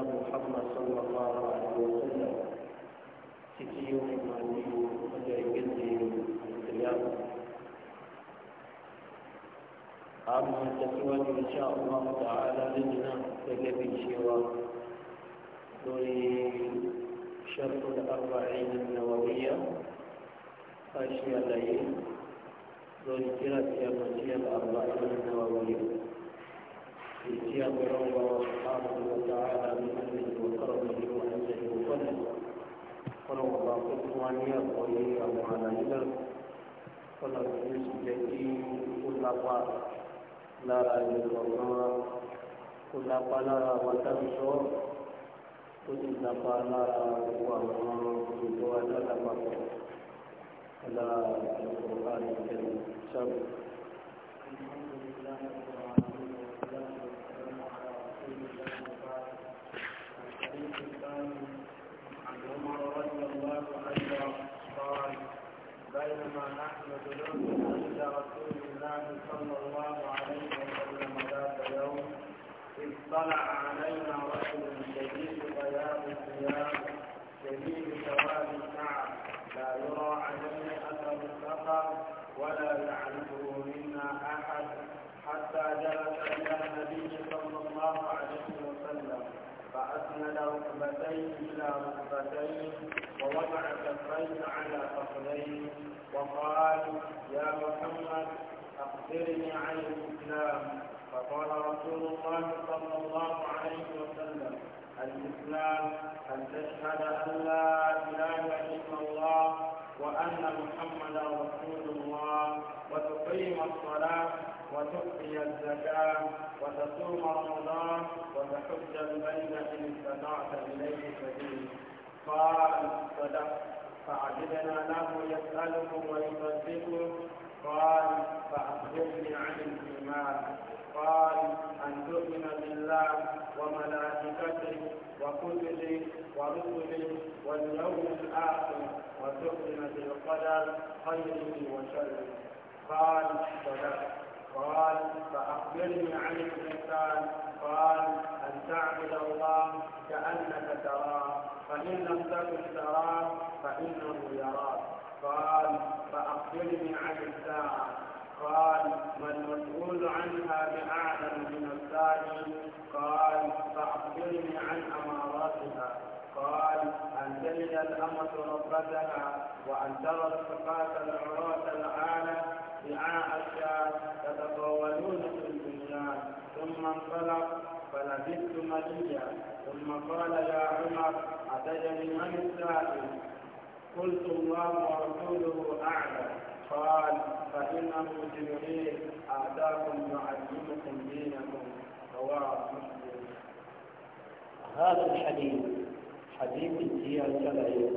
نبينا محمد صلى الله عليه وسلم تجي يوم المعدي وجاء يقدي القيامة عام التسوان إن شاء الله تعالى لنا تجري شواء دوري شرط الأربعين النووية أشياء لين دوري كرة الأربعين النووية اتياق الله سبحانه وتعالى بمنه وكرمه وعزه وفضله قال الله قد وإليه على إله قال الجنس التي كل لا لا يقرر كل لا وتنشر كل لا وتنشر على القرآن الكريم الحمد لله رب العالمين عن عمر رضي الله عنه قال بينما نحن عند رسول الله صلى الله عليه وسلم ذات يوم اطلع علينا رجل شديد شديد لا يرى عليه اثر ولا يعلم أسفل ركبتيه إلى ركبتيه ووضع كفيه على فخذيه وقال يا محمد أخبرني عن الإسلام فقال رسول الله صلى الله عليه وسلم الإسلام أن تشهد أن لا إله إلا الله وأن محمدا رسول الله وتقيم الصلاة وتؤتي الزكاة وتصوم رمضان وتحج البيت إن استطعت إليه سبيلا قال صدق فعجبنا له يسأله ويصدقه قال فأخبرني عن الإيمان قال أن تؤمن بالله وملائكته وكتبه ورسله واليوم الآخر وتؤمن بالقدر خيره وشره قال صدق قال فأخبرني عن الإنسان قال أن تعبد الله كأنك تراه فإن لم تكن تراه فإنه يراك قال فأخبرني عن الساعة قال ما المسؤول عنها بأعلم من السائل قال فأخبرني عن أماراتها قال أن تجد الأمة ربتها وأن ترى الثقات العراة العالم بعاء تتطاولون في الدنيا ثم انطلق فلبثت مليا ثم قال يا عمر أتجني من السائل قلت الله ورسوله أعلم قال فإنه جبريل آتاكم يعلمكم دينكم رواه مسلم هذا الحديث حديث الجيل السبعي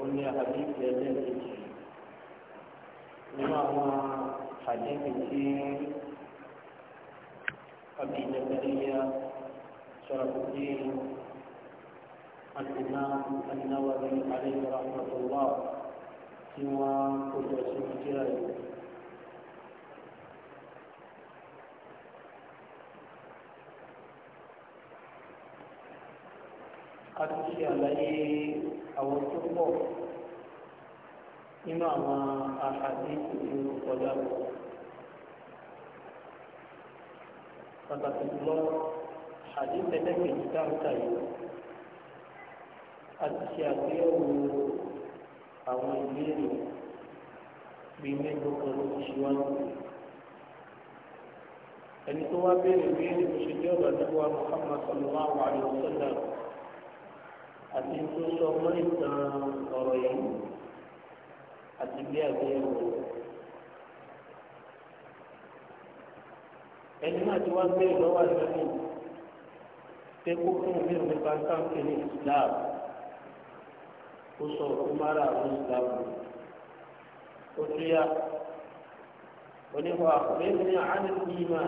قلنا حديث يا الجيل nínú حديث الدين tí أبي زكريا شرف الدين الإمام النووي عليه رحمة الله سوى كل سجاج قد شاء لي أو الصبح nínú àwọn àhàdí ìlú kọjá lọ. pàtàkì lọ àhàdí tẹ́lẹ̀kejì dáńtà yìí a ti ṣe àgbéyẹ̀wò àwọn ìbéèrè bíi mélòó kan ló ti ṣíwájú. ẹni tó wá béèrè béèrè kò ṣe jẹ́ ọ̀gá nípa Muhammad sallallahu alaihi wasallam àti tó sọ mọ́ ìtàn ọ̀rọ̀ yẹn àti bí àgbéyẹ̀wò ẹni náà ti wá ń bẹ̀rẹ̀ lọ́wọ́ àjọyọ̀ pé kó fún mi ò ní bá ń káńpé ní islam ó sọ fún mara àwọn islam ó tún yá oníwà ọ̀rẹ́ ní àánú ìmá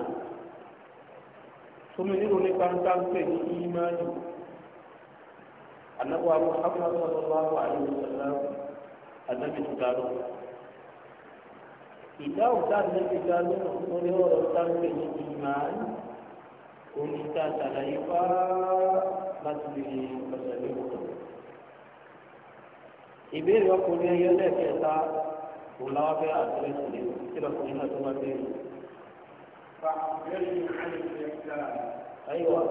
fún mi ní ní bá ń káńpé ní ìmá ni ànáwó àwọn afọ àti ọlọ́wọ́ àwọn àyè ìṣẹ̀lẹ̀ ànábì tó dáná ìdáhùn tá ànábì dáná wọn ni ọ̀rọ̀ sáńpẹ ní ìmáàn oníta ṣàlàyé wá láti lè ọ̀sẹ̀ lẹ́wọ̀n. ìbéèrè ọkùnrin ẹyẹ lẹ́ẹ̀kẹta kò láwọn fẹ́ àdírẹ́sì rẹ̀ kí lọ́kùnrin náà tó bá bẹ́ẹ̀ Ayiwa,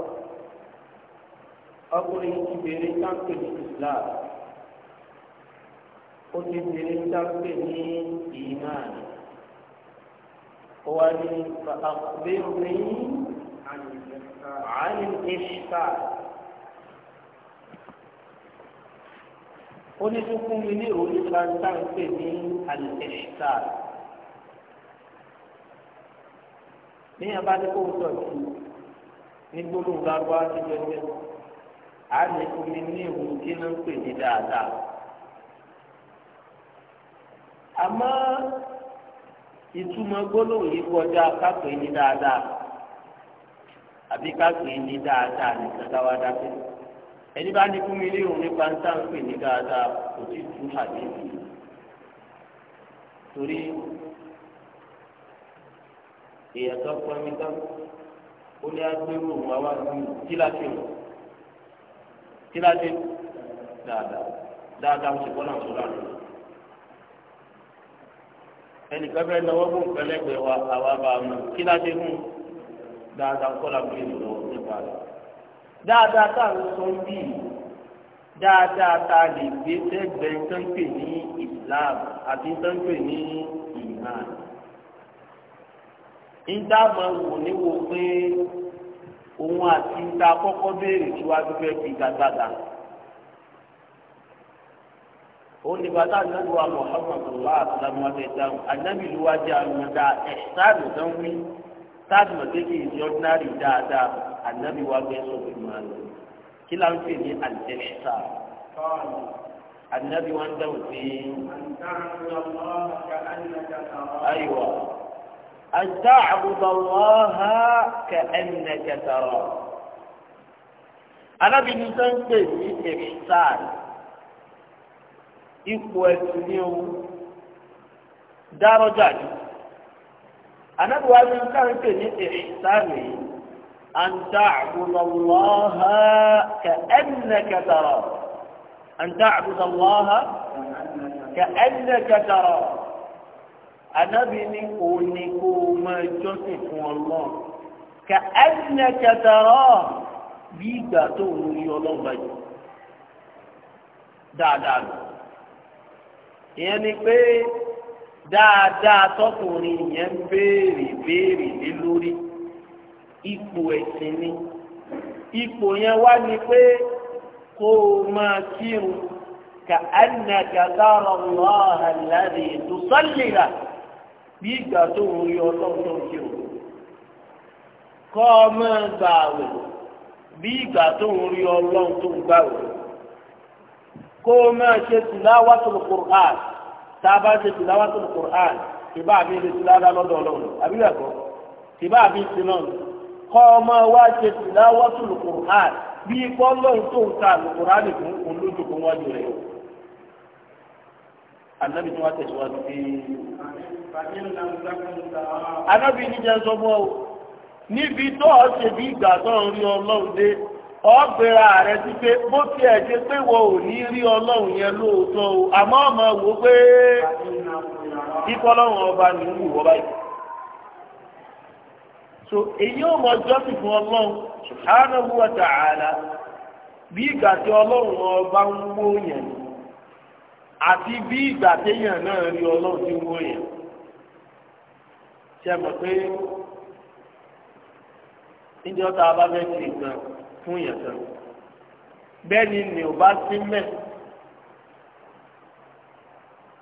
ọkùnrin ìbéèrè sáńpẹ ní ìsìláàmù ó ti tẹ̀lé sáfẹ́ ní ìmáàlì ó wá ní àkùbẹ́rùmí àánì ìṣká ó ní tó fún mi ní ìròyìn sáfẹ́ ní àlìṣká ní abádékò tó ti ní gbólóhùn lágbá ti jẹjẹ àánì fún mi ní ìròyìn kí ní dáadáa àmọ́ ìtumọ̀ gbólóhùn yìí kọjá kápẹ́ ní dáadáa àbí kápẹ́ ní dáadáa nìkan táwa dápẹ́ ẹni bá ní fún mi léèrò nípa ń tá ń pè ní dáadáa kò tí tú àdéhùn torí èèyàn tó pọn mi tán ó ní agbérò òun àwa kí láti rò kí láti dáadáa dáadáa ó ti bọ́ náà sọ́dọ̀ àná ẹnìkan fẹ́ náwó fún pẹlẹgbẹ wa àwa bá a mú kí láti mú dáadáa kọ́lá bí èlò lọ nípa rẹ̀ dáadáa tá à ń sọ bí dáadáa tá a lè gbé sẹ́gbẹ̀ẹ́ sẹ́ńpè ní Islam àti sẹ́ńpè ní ìmán níta máa wò níwò pé òun àti níta kọ́kọ́ béèrè síwájú fẹ́ fi gbàgbàgbà ó ní bàtà ànábì wa Muhammad sallallahu alaihi wasallam wa sallam ànábì ló wá jẹ́ àmọ́dá ẹ̀ṣáàlù tó ń wí táàbù mọ̀tẹ́kì ìṣe ọ́dínárì dáadáa ànábì wa gbé sọ̀rọ̀ máa lọ kí ló ń pè ní àlẹ́ṣà ànábì wa ń dáhùn sí. aywa an ta'budu Allaha ka'annaka tarahu anábìnrin tó ń pè ní ẹ̀ṣáàlù ipò ẹ̀sìn ní o dárọ́jà ni anábìwá ní káńpẹ̀ ní ìsáàmì an ta'budu Allaha ka'annaka tara an ta'budu Allaha ka'annaka tara anábì ní òní kó o máa jọ́sìn fún ọlọ́run ka'annaka tara bí ìgbà tó ń rí ọlọ́run dáadáa lọ ìyẹn ni pé dáadáa tọkùnrin yẹn ń béèrè béèrè lé lórí ipò ẹ̀sìn ni ipò yẹn wá ni pé kó o máa kírun ka annaka tara Allah alladhi tusalli lah bí ìgbà tó ń rí ọlọ́run kírun kọ́ ọ máa gbààwẹ̀ bí ìgbà tó ń rí ọlọ́run gbààwẹ̀ kó o máa ṣe tìláwàtò Qur'an tá a bá ṣe tìláwàtò Qur'an ìbá mi lè ti lára lọ́dọ̀ ọlọ́run àbí ẹ̀kọ́ ìbá mi ti náà kọ́ ọ máa wá ṣe tìláwàtò Qur'an bí ipò ọlọ́run tó ń ta Qur'an fún olójú fún wájú rẹ̀ o. Ànábì tí wọ́n tẹ̀síwájú pé. Ànábì níjà sọ mọ́ o níbi tó ọ̀ ṣe bí ìgbà tó ń rí ọlọ́run dé. ọ̀bẹ̀rẹ̀ ààrẹ ti pé bó ti ẹ̀ pé ò ní rí ọlọ́run yẹn lóòótọ́ o àmọ́ ọmọ pé kíkọ́lọ́run ọba ní wù so èyí ò mọ jọ́sìn fún ọlọ́run subhanahu wa ta'ala bí ìgbà tí ọba ń wó yẹn àti bí ìgbà téèyàn náà rí ọlọ́run wó yẹn ṣe mọ̀ pé a bá fún yẹn kan bẹ́ẹ̀ ni ni ò bá sí mẹ́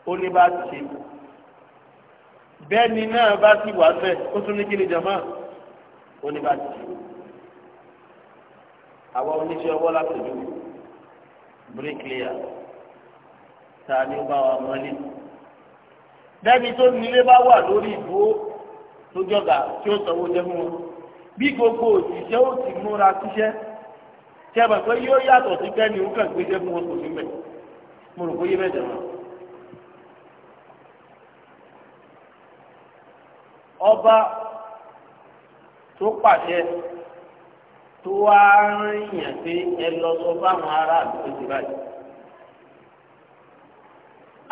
ó ní bá ti bẹ́ẹ̀ ni náà bá ti wà mẹ́ ó tún ní kí ni jama ó ní bá ti àwa oníṣẹ́ ọwọ́ látọ̀jú bíríkìlíà ta ni ó bá wa mọ́lé dẹ́bi tó nílé bá wà lórí ìdúró tó jọ̀gà tí ó sanwó jẹ́ fún wọn bí gbogbo òṣìṣẹ́ ó ti múra síṣẹ́ tí a bá pé yóò yàtọ̀ sí kẹ́ni ó kàn gbéṣẹ́ fún wọn kò sí mẹ́ mo rò bóyá bẹ́ẹ̀ dẹ̀rọ. ọba tó pàṣẹ tó wá rìnyàn pé ẹ lọ sọ fáwọn aráàlú tó ti báyìí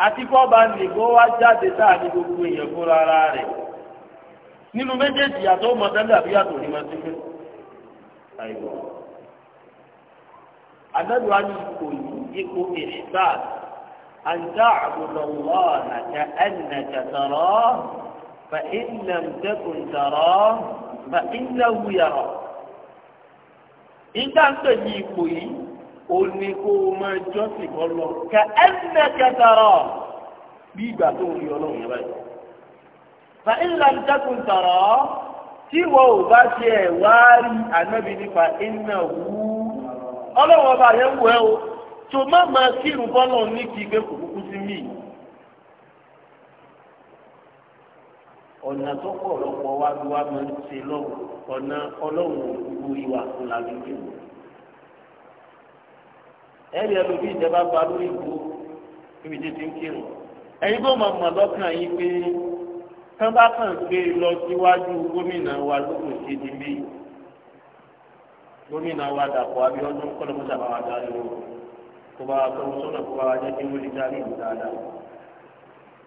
àti fọba nìgbọ́ wá jáde sáàní gbogbo èèyàn fúnra ara rẹ̀ nínú méjèèjì yàtọ̀ mọ̀tẹ́lẹ̀ àbí ní ma ti fẹ́ anábì wa ní ipò yìí ipò ihsan an ta'budu Allaha ka'annaka tarahu fa in lam takun tarahu fa innahu yarak. ìgbà ń pè ní ipò yìí ó ní kó o máa jọ́sìn kọ́ lọ ka'annaka tarahu bí ìgbà tó ń rí ọlọ́run yẹn fa in lam takun tarahu tí wọ́n ò bá ṣe ẹ̀ wá rí innahu ọlọ́run ọba yẹn wù ẹ́ o tó má máa kírun bọ́lọ̀ ní kí gbé kùkùkù sí mí. ọ̀nà tó pọ̀ lọ́pọ̀ wá bí wá máa ń ṣe lọ́wọ́ ọ̀nà ọlọ́run gbogbo ìwà kò làbí kírun. ẹ̀rí ẹlòmíì ìjọba gba lórí ìbò níbi tí ti ń kírun. ẹ̀yin bó máa mọ̀ lọ́kàn yín pé tán bá kàn gbé lọ síwájú gómìnà wa lókòó ṣe ti bí gómìnà wa Dàpọ̀ Abíọ́dún kọ́lọ́mọ́sà bá wa darí o kó bá wa tọ́wọ́ sọ́nà kó bá wa jẹ́ kí wọ́n lè darí ìlú dáadáa.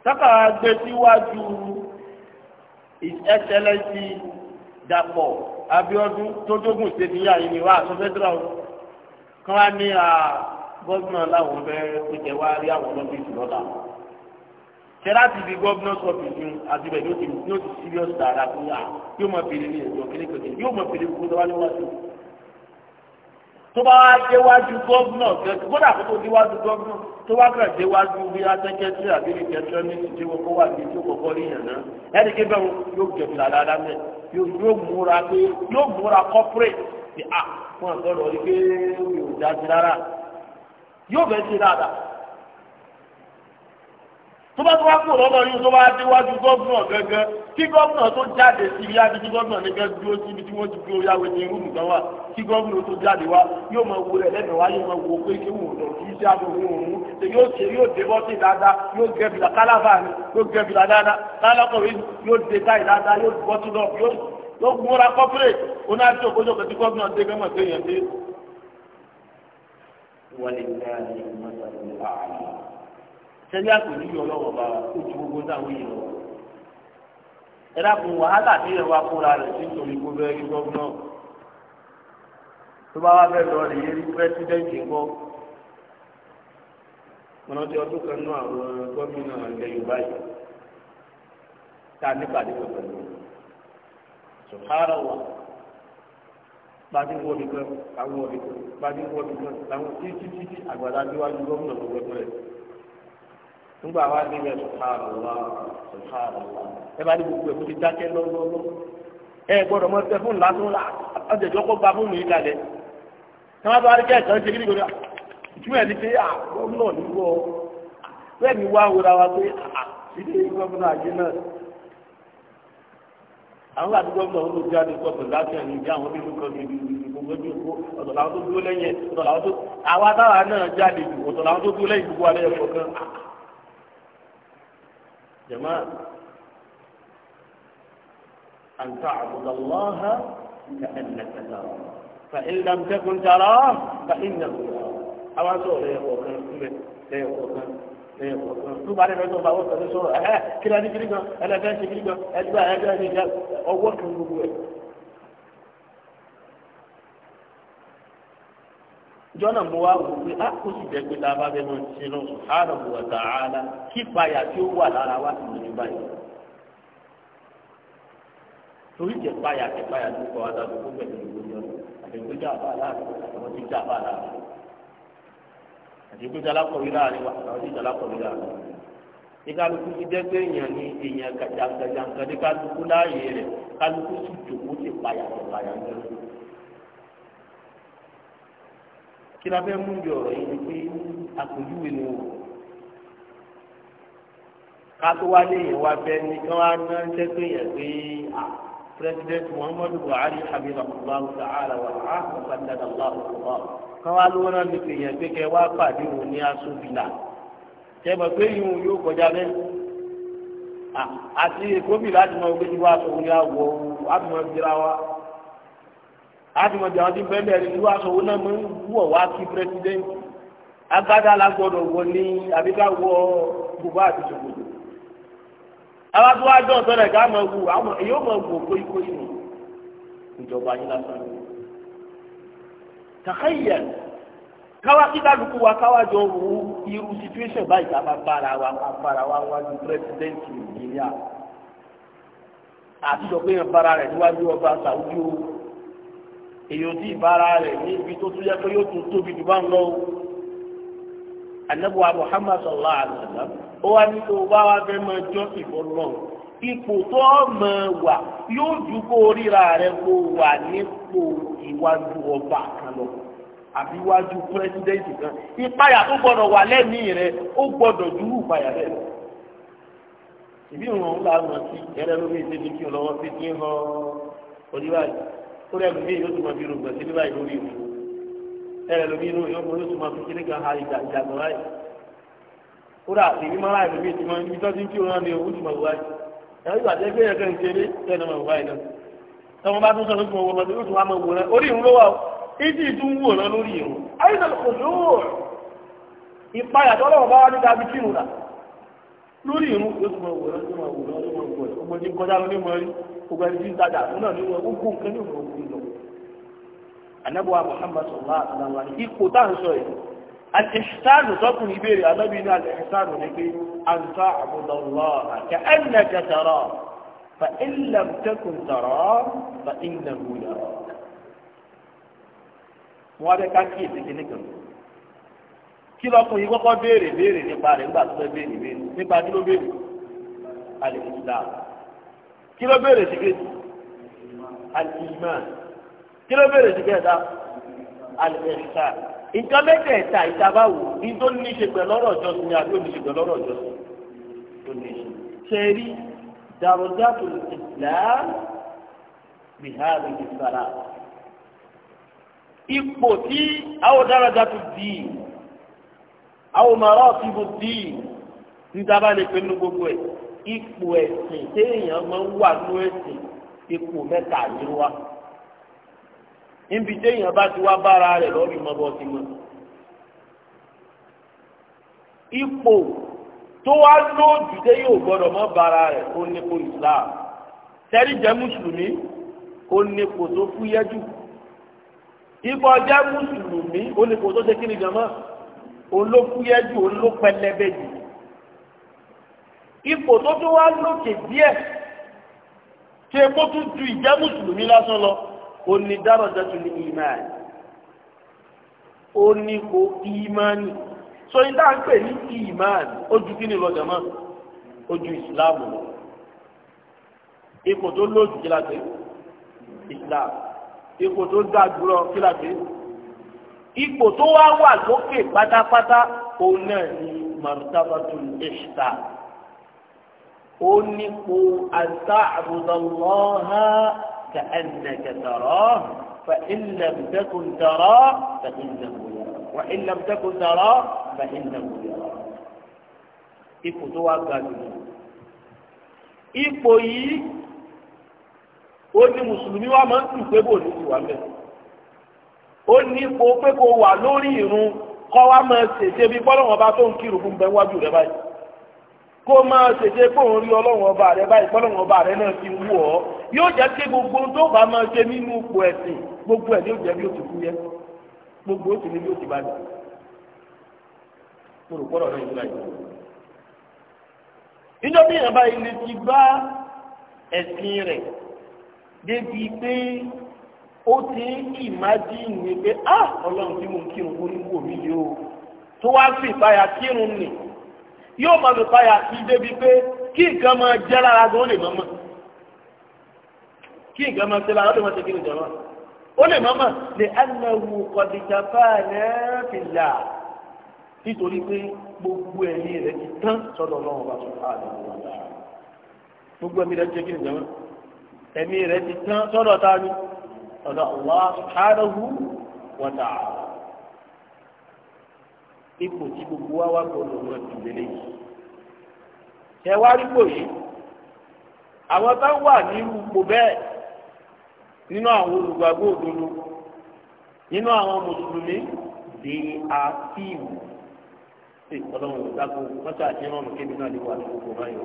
Tákà gbé síwájú His Excellency Dàpọ̀ Abíọ́dún tó dógùn ṣèbíyà yìí ni wà á sọ fẹ́ dúrà o kán wá ní gómìnà láwọn fẹ́ pété wá rí àwọn lọ́fíìsì lọ́la tẹ́lá ti di gọ́fínọ́sì ọ̀fíìsì àtibẹ̀ yóò ti serious dáadáa fún yà yóò mọ̀ pèlè ní ẹ̀jọ̀ kékeré yóò mọ̀ pèlè gbogbo wá níwájú tó bá wá déwájú gọ́vnà gbọ́dọ̀ àkókò déwájú gọ́vnà tó wá kàn déwájú bí atẹ́kẹ́tì àbí ìkẹ́tọ́ ní ti wọn kó wà ní tí ó kọ́kọ́ rí yàn náà ẹni kí bẹ́ẹ̀ yóò jẹ̀bi làdáadá mẹ́ yóò múra pé yóò múra corporate ti à ah, fún àgbọ̀dọ̀ rí pé yóò dájú rárá yóò bẹ́ẹ̀ ṣe dáadáa tó bá tó wá kúrò lọ́dọ̀ yìí tó bá déwájú gọ́vùnà gẹ́gẹ́ kí gọ́vùnà tó jáde sí ibi láti kí gọ́vùnà nígbà dúró sí tí wọ́n ti dúró yàwé ní rúùmù kan wà kí gọ́vùnà tó jáde wá yóò máa wo rẹ̀ lẹ́nu wá yóò máa wo pé kí wọ́n lọ kí iṣẹ́ àbò wọn òun ṣe yóò ṣe yóò dé bọ́sì dáadáa yóò gẹ kálábà ni yóò gẹ dáadáa kálákọ̀wé sẹ́bí àpò níbi ọlọ́wọ́ bá kó ju gbogbo táwọn yìí lọ. ẹ dákun wàhálà tí ìrẹ̀wá kóra rẹ̀ sí nítorí kó bẹ́ẹ̀ rí gọ́vnọ̀ tó bá wá bẹ́ẹ̀ lọ rè é rí pírẹ́sídẹ́ǹtì ńkọ́. mo rántí ọdún kan náà àwọn gómìnà ilẹ̀ Yorùbá yìí tá a nípàdé pẹ̀lú sùhárọ̀ wà gbadé wọ nìkan àwọn nìkan gbadé wọ nìkan làwọn títí títí àgbàdo àdéwájú gómìnà tó gbẹgbẹrẹ nígbà wá níbẹ̀ subhanallah subhanallah ẹ bá ní gbogbo ẹ̀kú ti dákẹ́ lọ́wọ́lọ́wọ́ ẹ gbọ́dọ̀ mọ tẹ fóònù lásán la ọjọ́jọ́ kó gba fóònù yìí kalẹ̀ tí wọ́n bá rí kẹ́ẹ̀kan ṣe kí nìkan ìtumọ̀ ẹ̀ ní pé àwọn náà ní wọ́ bẹ́ẹ̀ ni wá wúra wa pé ilé gómìnà àjẹ náà àwọn àdúgbò náà wọn ló jáde kó ọ̀sán láti ẹ̀yìn ìjà àwọn bí lóko ní gbogbo ojú òkú ọ̀sán làwọn tó dúró lẹ́yìn ọ̀sán làwọn tó àwọn táwa náà jáde ọ̀sán làwọn tó dúró lẹ́yìn gbogbo alẹ́ ẹ̀kọ́ kan jama an ta'budu allaha ka'annaka tarahu fa in lam takun tarahu fa innahu yaraaka àwọn aṣọ rẹ ọ̀kan síbẹ̀ rẹ ọ̀kan rẹ ọ̀kan tó bá dẹ́gbẹ́ tó bá wọ́n sọ̀rọ̀ sọ̀rọ̀ ẹ̀hẹ́ kíláà ní kiri gan ẹlẹ́gbẹ́ ṣe kiri gan ẹgbẹ́ ẹgbẹ́ ẹgbẹ́ ọwọ́ kan gbogbo ẹ̀. jọ́nà mo wá wò pé a ah, kò sì jẹ́ pé tá a bá fẹ́ mọ̀ ṣe lọ subhanahu wa ta'ala kí ìpayà tí ó wà lára wa sì lójú báyìí. torí jẹ páyà jẹ páyà ló kọ adágún kó bẹ̀rẹ̀ ìlú yọ àdégbèjà àbá láàrin àwọn tí jà àbá láàrin àdégbèjà alákọ̀wé láàrin wa àwọn tí jà alákọ̀wé láàrin. ìkálukú ti jẹ́ èèyàn ni èèyàn gàdàgàdàgàdì kálukú láàyè rẹ̀ kálukú sì jòkó ti páyà ti páyà ń lọ kí la fẹ́ mú bí ọ̀rọ̀ yìí ni pé àpèjúwe ni wò kátó wá léyìn wá bẹ ní kí wọ́n á ná ṣẹ́ pé yẹn pé president muhammadu buhari habibullah ta'ala wa rahmatullahi allah kan wá lówó náà ní pé yẹn pé kẹ wá pàdé òun ní asúbìlà tẹ mọ̀ pé yìí òun yóò kọjá bẹ́ẹ̀ àti èkó bìlà ti mọ gbé tí wàá sọ òun ní àwọ̀ àbí mọ̀ gbéra wa àtìmọ̀jà wọn ti bẹ́ẹ̀ ní irú aṣọ owó náà mọ̀ ń wọ̀ wá kí pírẹsidẹ́ǹtì agbádá la gbọ́dọ̀ wọ ní àbí ká wọ bùbá àti ṣòkòtò àwọn tó wá jọ ọ̀tọ̀ rẹ̀ ká máa wù àwọn èyí ó máa wù kóyíkóyí nù ìjọba yín lásán tàkàyè káwá kíkálukú wa káwá jọ wù irú situation báyìí ká bá bára wa ká bára wa wá ní pírẹsidẹ́ǹtì Nàìjíríà àtijọ́ pé yẹn bára rẹ̀ níwájú ọba Sàwùjú o. èyàn tí ìbára rẹ̀ ní ibi tó tún yẹ pé yóò tún tóbi jù bá ń lọ o ala muhammad wa ó wá ní kó o bá wá fẹ́ máa jọ́ ìfọlọ́run ipò tó mọ̀ wà yóò ju kó ríra rẹ̀ kó wà nípò ìwájú ọba kan lọ àbí iwájú pírẹsidẹ́ǹtì kan ìpayà tó gbọdọ̀ wà lẹ́mìí rẹ̀ ó gbọdọ̀ dúró ìpayà rẹ̀ lọ ìbí ìrànlọ́wọ́ lórí ìdíje kí ọlọ́wọ́ fi kórí ẹlòmíì yóò tún máa fi rògbò sí nígbà ìlú rìbù ẹlòmíì yóò yóò tún máa fi kíní kan ha ìjà ìjà gbọ́ báyìí kódà èmi máa ra ẹlòmíì tí wọ́n ibi tó ti ń kírun náà ni owó tún máa wù báyìí ẹ̀rọ ìgbà tẹ́ gbé ẹ̀kẹ́ ìṣeré tẹ́ ẹ̀ náà máa wù báyìí náà tọ́wọ́n bá tún sọ lóṣù wọn lọ́dún yóò tún wá máa wù náà orí ìrún ló wà ìdí ìtún wù náà lórí ìrún ayé lórí irun yóò tún máa wò lọ́jọ́ máa wò lọ́jọ́ máa wò ẹ̀ ọmọ ní kọjá ló ní mọ rí gbogbo ẹni tí ń tajà fún náà ní wọn ó gún nǹkan ní òun òun lọ. anabuwa muhammad sallallahu alaihi wa sallam ipò tá à ń sọ yìí alẹ́sítánù tọkùnrin ìbéèrè alábí ní alẹ́sítánù ní pé àǹtá àbúdọ̀lọ́ àti ẹ̀nà kẹtàrọ̀ fa ilẹ̀ tẹkùn tọ̀rọ̀ fa ilẹ̀ wúlọ̀. wọ́n bẹ ká kíyèsí kíní kan kí lọkùnrin kọ́kọ́ béèrè béèrè nípa rẹ̀ nígbà tó fẹ́ béèrè béèrè nípa kí ló béèrè al-Islam kí ló béèrè sí kejì al-Iman kí ló béèrè sí kẹta al-Ihsan nǹkan mẹ́tẹ̀ẹ̀ta ìtaba wò ní tó ní ṣe pẹ̀lú ọ̀rọ̀ ìjọsìn ni àbí òní ṣe pẹ̀lú ọ̀rọ̀ ìjọsìn tó ní ṣe. sẹ́rí dàrúdàtò Islam bihari ìsàlà ipò tí àwọn dáradára ti dì í àwọn màrá ọ̀tìbù díì nígbà lè pinnu gbogbo ẹ̀ ipò ẹ̀sìn téèyàn máa ń wà ní ẹ̀sìn ipò mẹ́ta ní wa níbi téèyàn bá ti wá bára rẹ̀ lọ́ọ́ fi mọ bọ́ sí mọ́ ipò tó wá lóòjù tẹ́ yóò gbọ́dọ̀ mọ́ bára rẹ̀ ó nípo Islam tẹ́rí jẹ́ mùsùlùmí ó nípo tó fúyẹ́ jù ipò jẹ́ mùsùlùmí ó nípo tó ṣe kí ni jẹ́ mọ́ olókúyẹ jù olópẹlẹbẹ jù ipò tó tún wá lókè díẹ̀ ṣe kó tún ju ìjẹ mùsùlùmí lásán lọ òní dárọjà tún ní ìmáàlì òní kò ìmáàlì so ní dáa ń pè ní ìmáàlì ojú kí ni lọjà mọ ojú ìsìláàmù lọ ipò tó lójú kí la pè ìsìláàmù ipò tó dáa jùlọ kí la pè ìsìláàmù ipò tó wá wà lókè pátápátá òun náà ni martabatul ihsan ó nípo an ta'buda Allaha ka'annaka tarahu fa in lam takun tarahu fa innahu yarak wa in lam takun tarahu fa innahu yarak ipò tó wá ga jù ipò yìí ó ní mùsùlùmí wa máa ń tù pé bò ní ìwà mẹ́rin ó ní ipò pé kó wà lórí ìrun kọ́ wa máa ṣèṣe bí bọ́lọ́wọ́n ọba tó ń kírù fún bẹ́ẹ̀ wájú rẹ báyìí kó máa ṣèṣe pé òun rí ọlọ́wọ́n ọba rẹ báyìí bọ́lọ́wọ́n ọba rẹ náà ti wù ọ́ yóò jẹ́ pé gbogbo tó bá máa ṣe nínú ipò ẹ̀sìn gbogbo ẹ̀ yóò jẹ́ bí ó ti kú yẹ gbogbo ó ti ní bí ó ti bá dà mo rò gbọ́dọ̀ náà ìlú àyè níjọ́ bí ìyàbá ilé ti bá ẹ̀sìn rẹ̀ débi pé ó ti ń ìmájìnì pé á ah, ọlọ́run tí mo ń kírun kó níwò mí yìí o tó wá fi ìpayà kírun nì yóò máa fi ìpayà sí débi pé kí nǹkan máa jẹ́ lára gan ó lè mọ́mọ́ kí nǹkan máa ṣe lára ó lè máa ṣe kí ni jọ̀wọ́ ó lè mọ́mọ́ lè anáwó kọ̀dìjàpá náà fi là nítorí pé gbogbo ẹ̀mí rẹ̀ ti tán sọ́dọ̀ ọlọ́run bá tún fà lọ́wọ́ gbogbo ẹ̀mí rẹ̀ ti tán sọ́dọ̀ ta ni ọ̀dọ̀ Allah subhanahu wa ta'ala ipò tí gbogbo wa wá gbọdọ̀ lọ tìbẹ̀lẹ̀ yìí. ṣé wá rí pò yìí àwọn tá wà nínú ipò bẹ́ẹ̀ nínú àwọn olùgbàgbọ́ òdodo nínú àwọn mùsùlùmí they are few. ṣé ìkọlọ́wọ́ ìdáko mọ́tò àti ìrọ̀rùn kébì náà lè wà ní gbogbo báyìí.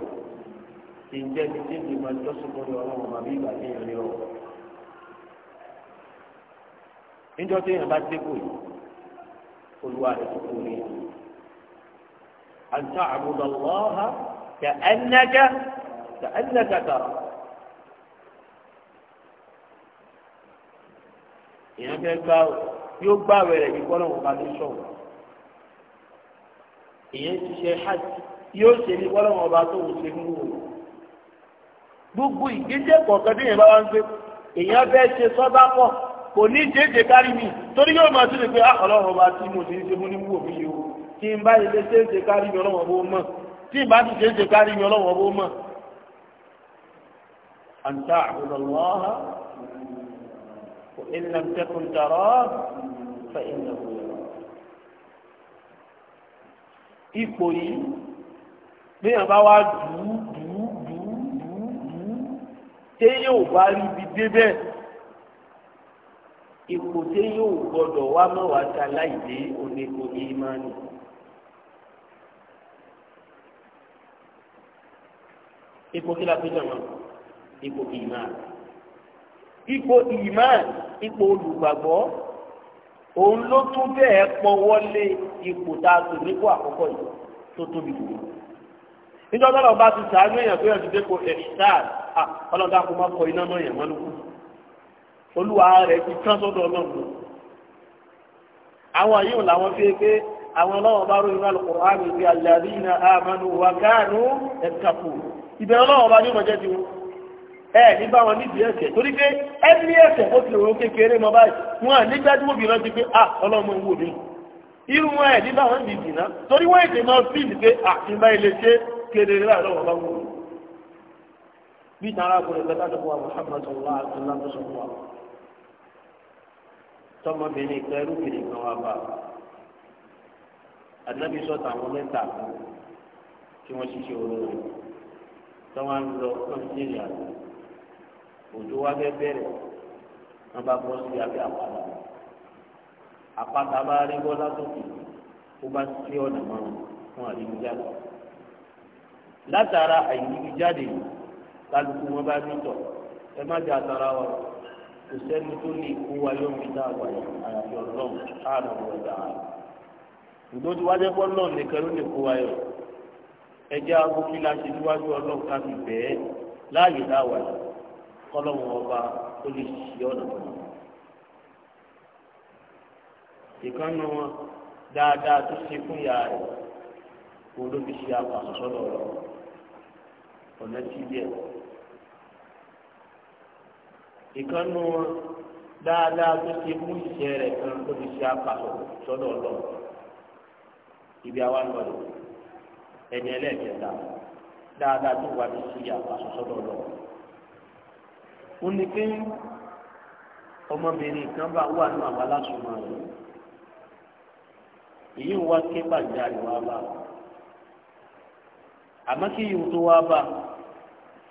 ṣé ìjẹ́ ti ṣé ìgbìmọ̀ ìjọsìn kan lọ́wọ́ ọmọ àbí ìgbà tí ìrìn ọ̀rọ̀. níjọ́ tí èèyàn bá dépò yìí olúwa rẹ̀ ti kú rí àǹtá àbúdọ̀ lọ́ha kẹ ẹnẹ́gẹ́ kẹ ẹnẹ́gẹ́ tààrà. èèyàn fẹ́ gbá yóò gbá wẹ̀rẹ̀ yìí kọ́ lọ́wọ́ balẹ̀ sọ̀rọ̀ èèyàn ti ṣe hajj yóò ṣe ní kọ́ lọ́wọ́ ọba tó ṣe gbogbo ìgbésẹ̀ kọ̀ọ̀kan tí èèyàn bá wá ń gbé èèyàn kò ní jẹ́jẹ́ kárí mi torí yóò máa tún lè pé ah, ọlọ́run ọba tí mo ti ń ṣe mú ní wúwo mi yìí o kí n bá ilé jẹ́jẹ́ kárí mi ọlọ́run ọba ó mọ̀ tí ì bá ti jẹ́jẹ́ kárí mi ọlọ́run ọba mọ̀. àǹtá àbúrọ̀lọ́ha kò ń lọ tẹkùn tààrọ́ fẹ́ ìlẹ̀ ipò yìí bí yàn bá wá dùú dùú dùú dùú dùú téèyàn ò bá rí ibi débẹ̀ ipò tí yóò gbọdọ̀ wá mọ̀ wá sí aláìdé onípo ìmánì. ipò kí la fi jọ̀mọ́ ipò ìmánì. ipò ìmánì ipò olùgbàgbọ́ òun ló tún bẹ́ẹ̀ pọ̀ wọlé ipò tá a tò nípò àkọ́kọ́ yìí tó tóbi jù lọ. nítorí ọlọ́run bá ti sàánú èèyàn pé ọ̀sìn dépò ẹ̀rí sáà ọlọ́dà kò má kọ iná mọ́ èèyàn mọ́nú kù olúwa rẹ̀ ti tán sọ́dọ̀ ọlọ́run àwọn yìí làwọn fi pé àwọn ọlọ́run bá ròyìn lálùkù àmì ìgbé àjàdí iná àmàlù wà káàánú ẹ̀kàpù ìbẹ̀rẹ̀ ọlọ́run bá ní ìmọ̀ jẹ́ tiwọn ẹ ní bá wọn nídìí ẹsẹ̀ torí pé ẹni ẹsẹ̀ ó ti rò ó kékeré mọ báyìí wọn nígbà tí wọn bìíràn ti pé à ọlọ́run ń wò mí irú wọn ẹ ní bá wọn nídìí náà torí wọn èdè máa fi pé à ah, ìmọ̀ ilé ṣe kéde rẹ̀ lọ́wọ́ bá wù bí tààrà tọmọbìnrin kan ẹrúbìnrin kan wá bá anabi sọta àwọn mẹ́ta tí wọn ṣiṣẹ́ olóore tọwọn ń lọ kọńtìrì àná òjò wa fẹ́ bẹ̀rẹ̀ wọn bá bọ sí abẹ́ àpáta àpáta bá rí bọ látòkè ó bá sí ọ̀nà márùn fún àríwíjáde látara àìríwíjáde kálukú wọn bá ní tọ ẹ má jẹ àtàrà wa kò sẹ́ni tó lè kó wa yóò fi dáa wáyé àyàfi ọlọ́run ààrẹ wọ̀ dáa ìdójú wájú ẹ̀kọ́ náà nìkan ló lè kó wa yọ ẹjẹ́ aago kí la ṣe níwájú ọlọ́run ká fi bẹ́ẹ̀ láàyè dáa wáyé kọ́lọ́run ọba ó lè ṣí ọ̀nà tó náà. ìkànnì wọn dáadáa tó ṣe fún ìyá rẹ̀ kó ló fi ṣe àpàṣọ sọ́dọ̀ ọ̀nà tí díẹ̀ wọ̀ ìkànnù wọn dáadáa tó ti mú iṣẹ́ rẹ̀ kan tó fi ṣe apàṣọ sọ́dọ̀ ọlọ́run ibi àwa ń lọ rẹ̀ ẹni ẹlẹ́ẹ̀kẹta dáadáa tó wà ní sí apàṣọ sọ́dọ̀ ọlọ́run. ó ní pé ọmọbìnrin kan bá wà nínú àwọn aláṣùmọ̀ rẹ̀ èyí wá ké bàjẹ́ àríwá bá àmọ́ kí yìí tó wá bá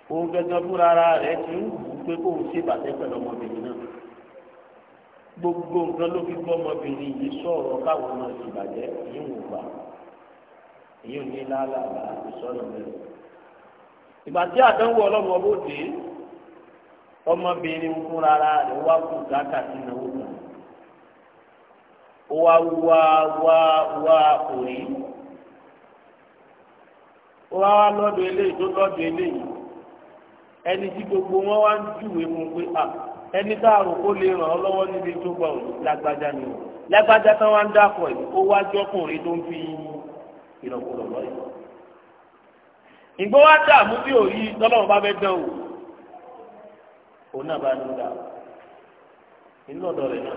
òun gẹ́gẹ́ fúnra rẹ̀ ti ń wù pé o ṣe bàtẹ́ pẹ̀lú ọmọbìnrin náà gbogbo nǹkan ló fi gbọ́ ọmọbìnrin yìí sọ̀rọ̀ káwọn ọmọ sì bàjẹ́ yìí wò wá èyí ò ní lálàlà ìsọ̀rọ̀ mẹ́rin. ìgbà tí àdánwò ọlọ́run ọbọ̀ dé ọmọbìnrin fúnra rẹ̀ wá kú káàkà sí ìnáwó kan ó wá wá wá ẹni tí gbogbo wọn wá ń júwèé mu pé à ẹni tá a rò kó lè ràn ọ́ lọ́wọ́ níbi tó gbà òun lágbájá ni o lágbájá tán wá ń dàpọ̀ ẹ̀ ó wá jọ́kùnrin tó ń fi ìrọ̀kùrọ̀ lọ́yẹ̀. ìgbó wá dààmú bí òyì tọ́lọ́run bá fẹ́ dán o òun náà bá ń dà inú ọ̀dọ̀ rẹ̀ náà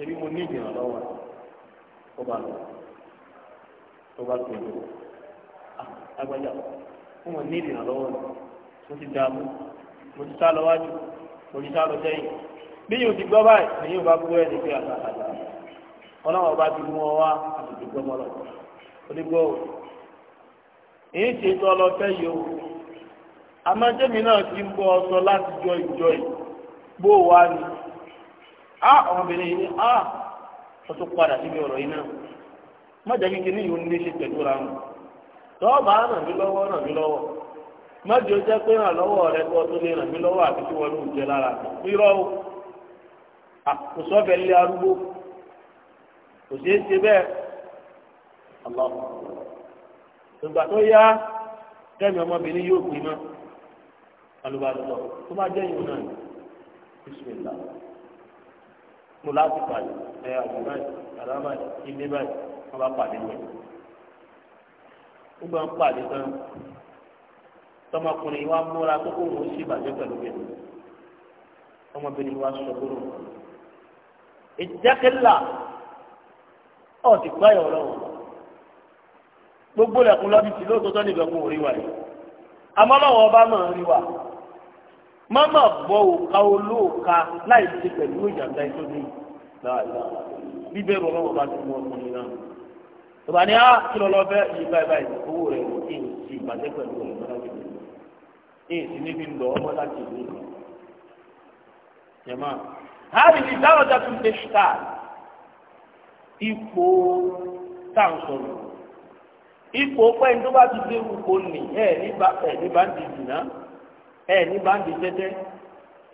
ebi mo ní ìdìrànlọ́wọ́ ó bá lọ ó bá pè é lọ àgbájá fún wọn ní ìdìrànlọ́wọ́ náà. mo ti dààmú mo lọ wájú mo ti sá lọ sẹ́yìn bí yóò ti gbọ́ báyìí ni yóò bá gbogbo ẹ̀ ní pé àtàkàtà ọlọ́run ọba ti mú ọ wá àtúntò gbọ́ mọ́ o èyí ti tọ́ lọ fẹ́ yìí o amájẹ́mi náà ti ń bọ́ láti jọ ìjọ yìí bó o wá ni á ọmọbìnrin yìí ni á tún padà síbi ọ̀rọ̀ yìí náà kíkiri yìí mọ́jì ó jẹ́ pé ìrànlọ́wọ́ rẹ kó tó lè ràn mí lọ́wọ́ àti kí wọ́n ló ń jẹ lára rírọ́ o àkùsọ́bẹ̀ lé arúgbó kò ṣeé ṣe bẹ́ẹ̀ ọlọ́ ìgbà tó yá kẹ́mi ọmọbìnrin yóò pín mọ́ alùbàdàn tó bá jẹ́ ìwọ̀n náà bisimilá mo láti pàdé ẹ àgbẹ̀ báyìí àlámà ilé báyìí wọ́n bá pàdé yẹn ó gbà pàdé tán tọmọkùnrin wa múra tó kó wọn sí ìbàjẹ́ pẹ̀lú mi ọmọbìnrin wa sọ gbóró ìjákèlà ọ̀ ti gbá ìyọ̀ lọ́wọ́ gbogbo lẹ́kùn lọ́bi tí lóòótọ́ nìkan kò rí wa yìí àmọ́ lọ́wọ́ ọba máa ń rí wa mọ́mọ́ bọ́ òka olóòka láì ṣe pẹ̀lú ìjàmbá ètò ní bíbẹ̀rù ọlọ́wọ́ bá ti mú ọkùnrin náà tọ́ba ni á kí lọ́lọ́ bẹ́ yí báyìí báyìí owó rẹ̀ kò tí ì sí ìbàjẹ́ pẹ̀lú ọ̀rọ̀ náà èsì níbi lọ ọmọ láti ìlú ìlú jẹmọ hàbí ní dáwọdà tún lè ṣùtà ipò táǹsọ̀rọ̀ ipò pẹ́yìn tó bá ti dé wùkọ nì ẹ̀ níbà ẹ̀ níbà ń di dìnnà ẹ̀ níbà ń di tẹ́tẹ́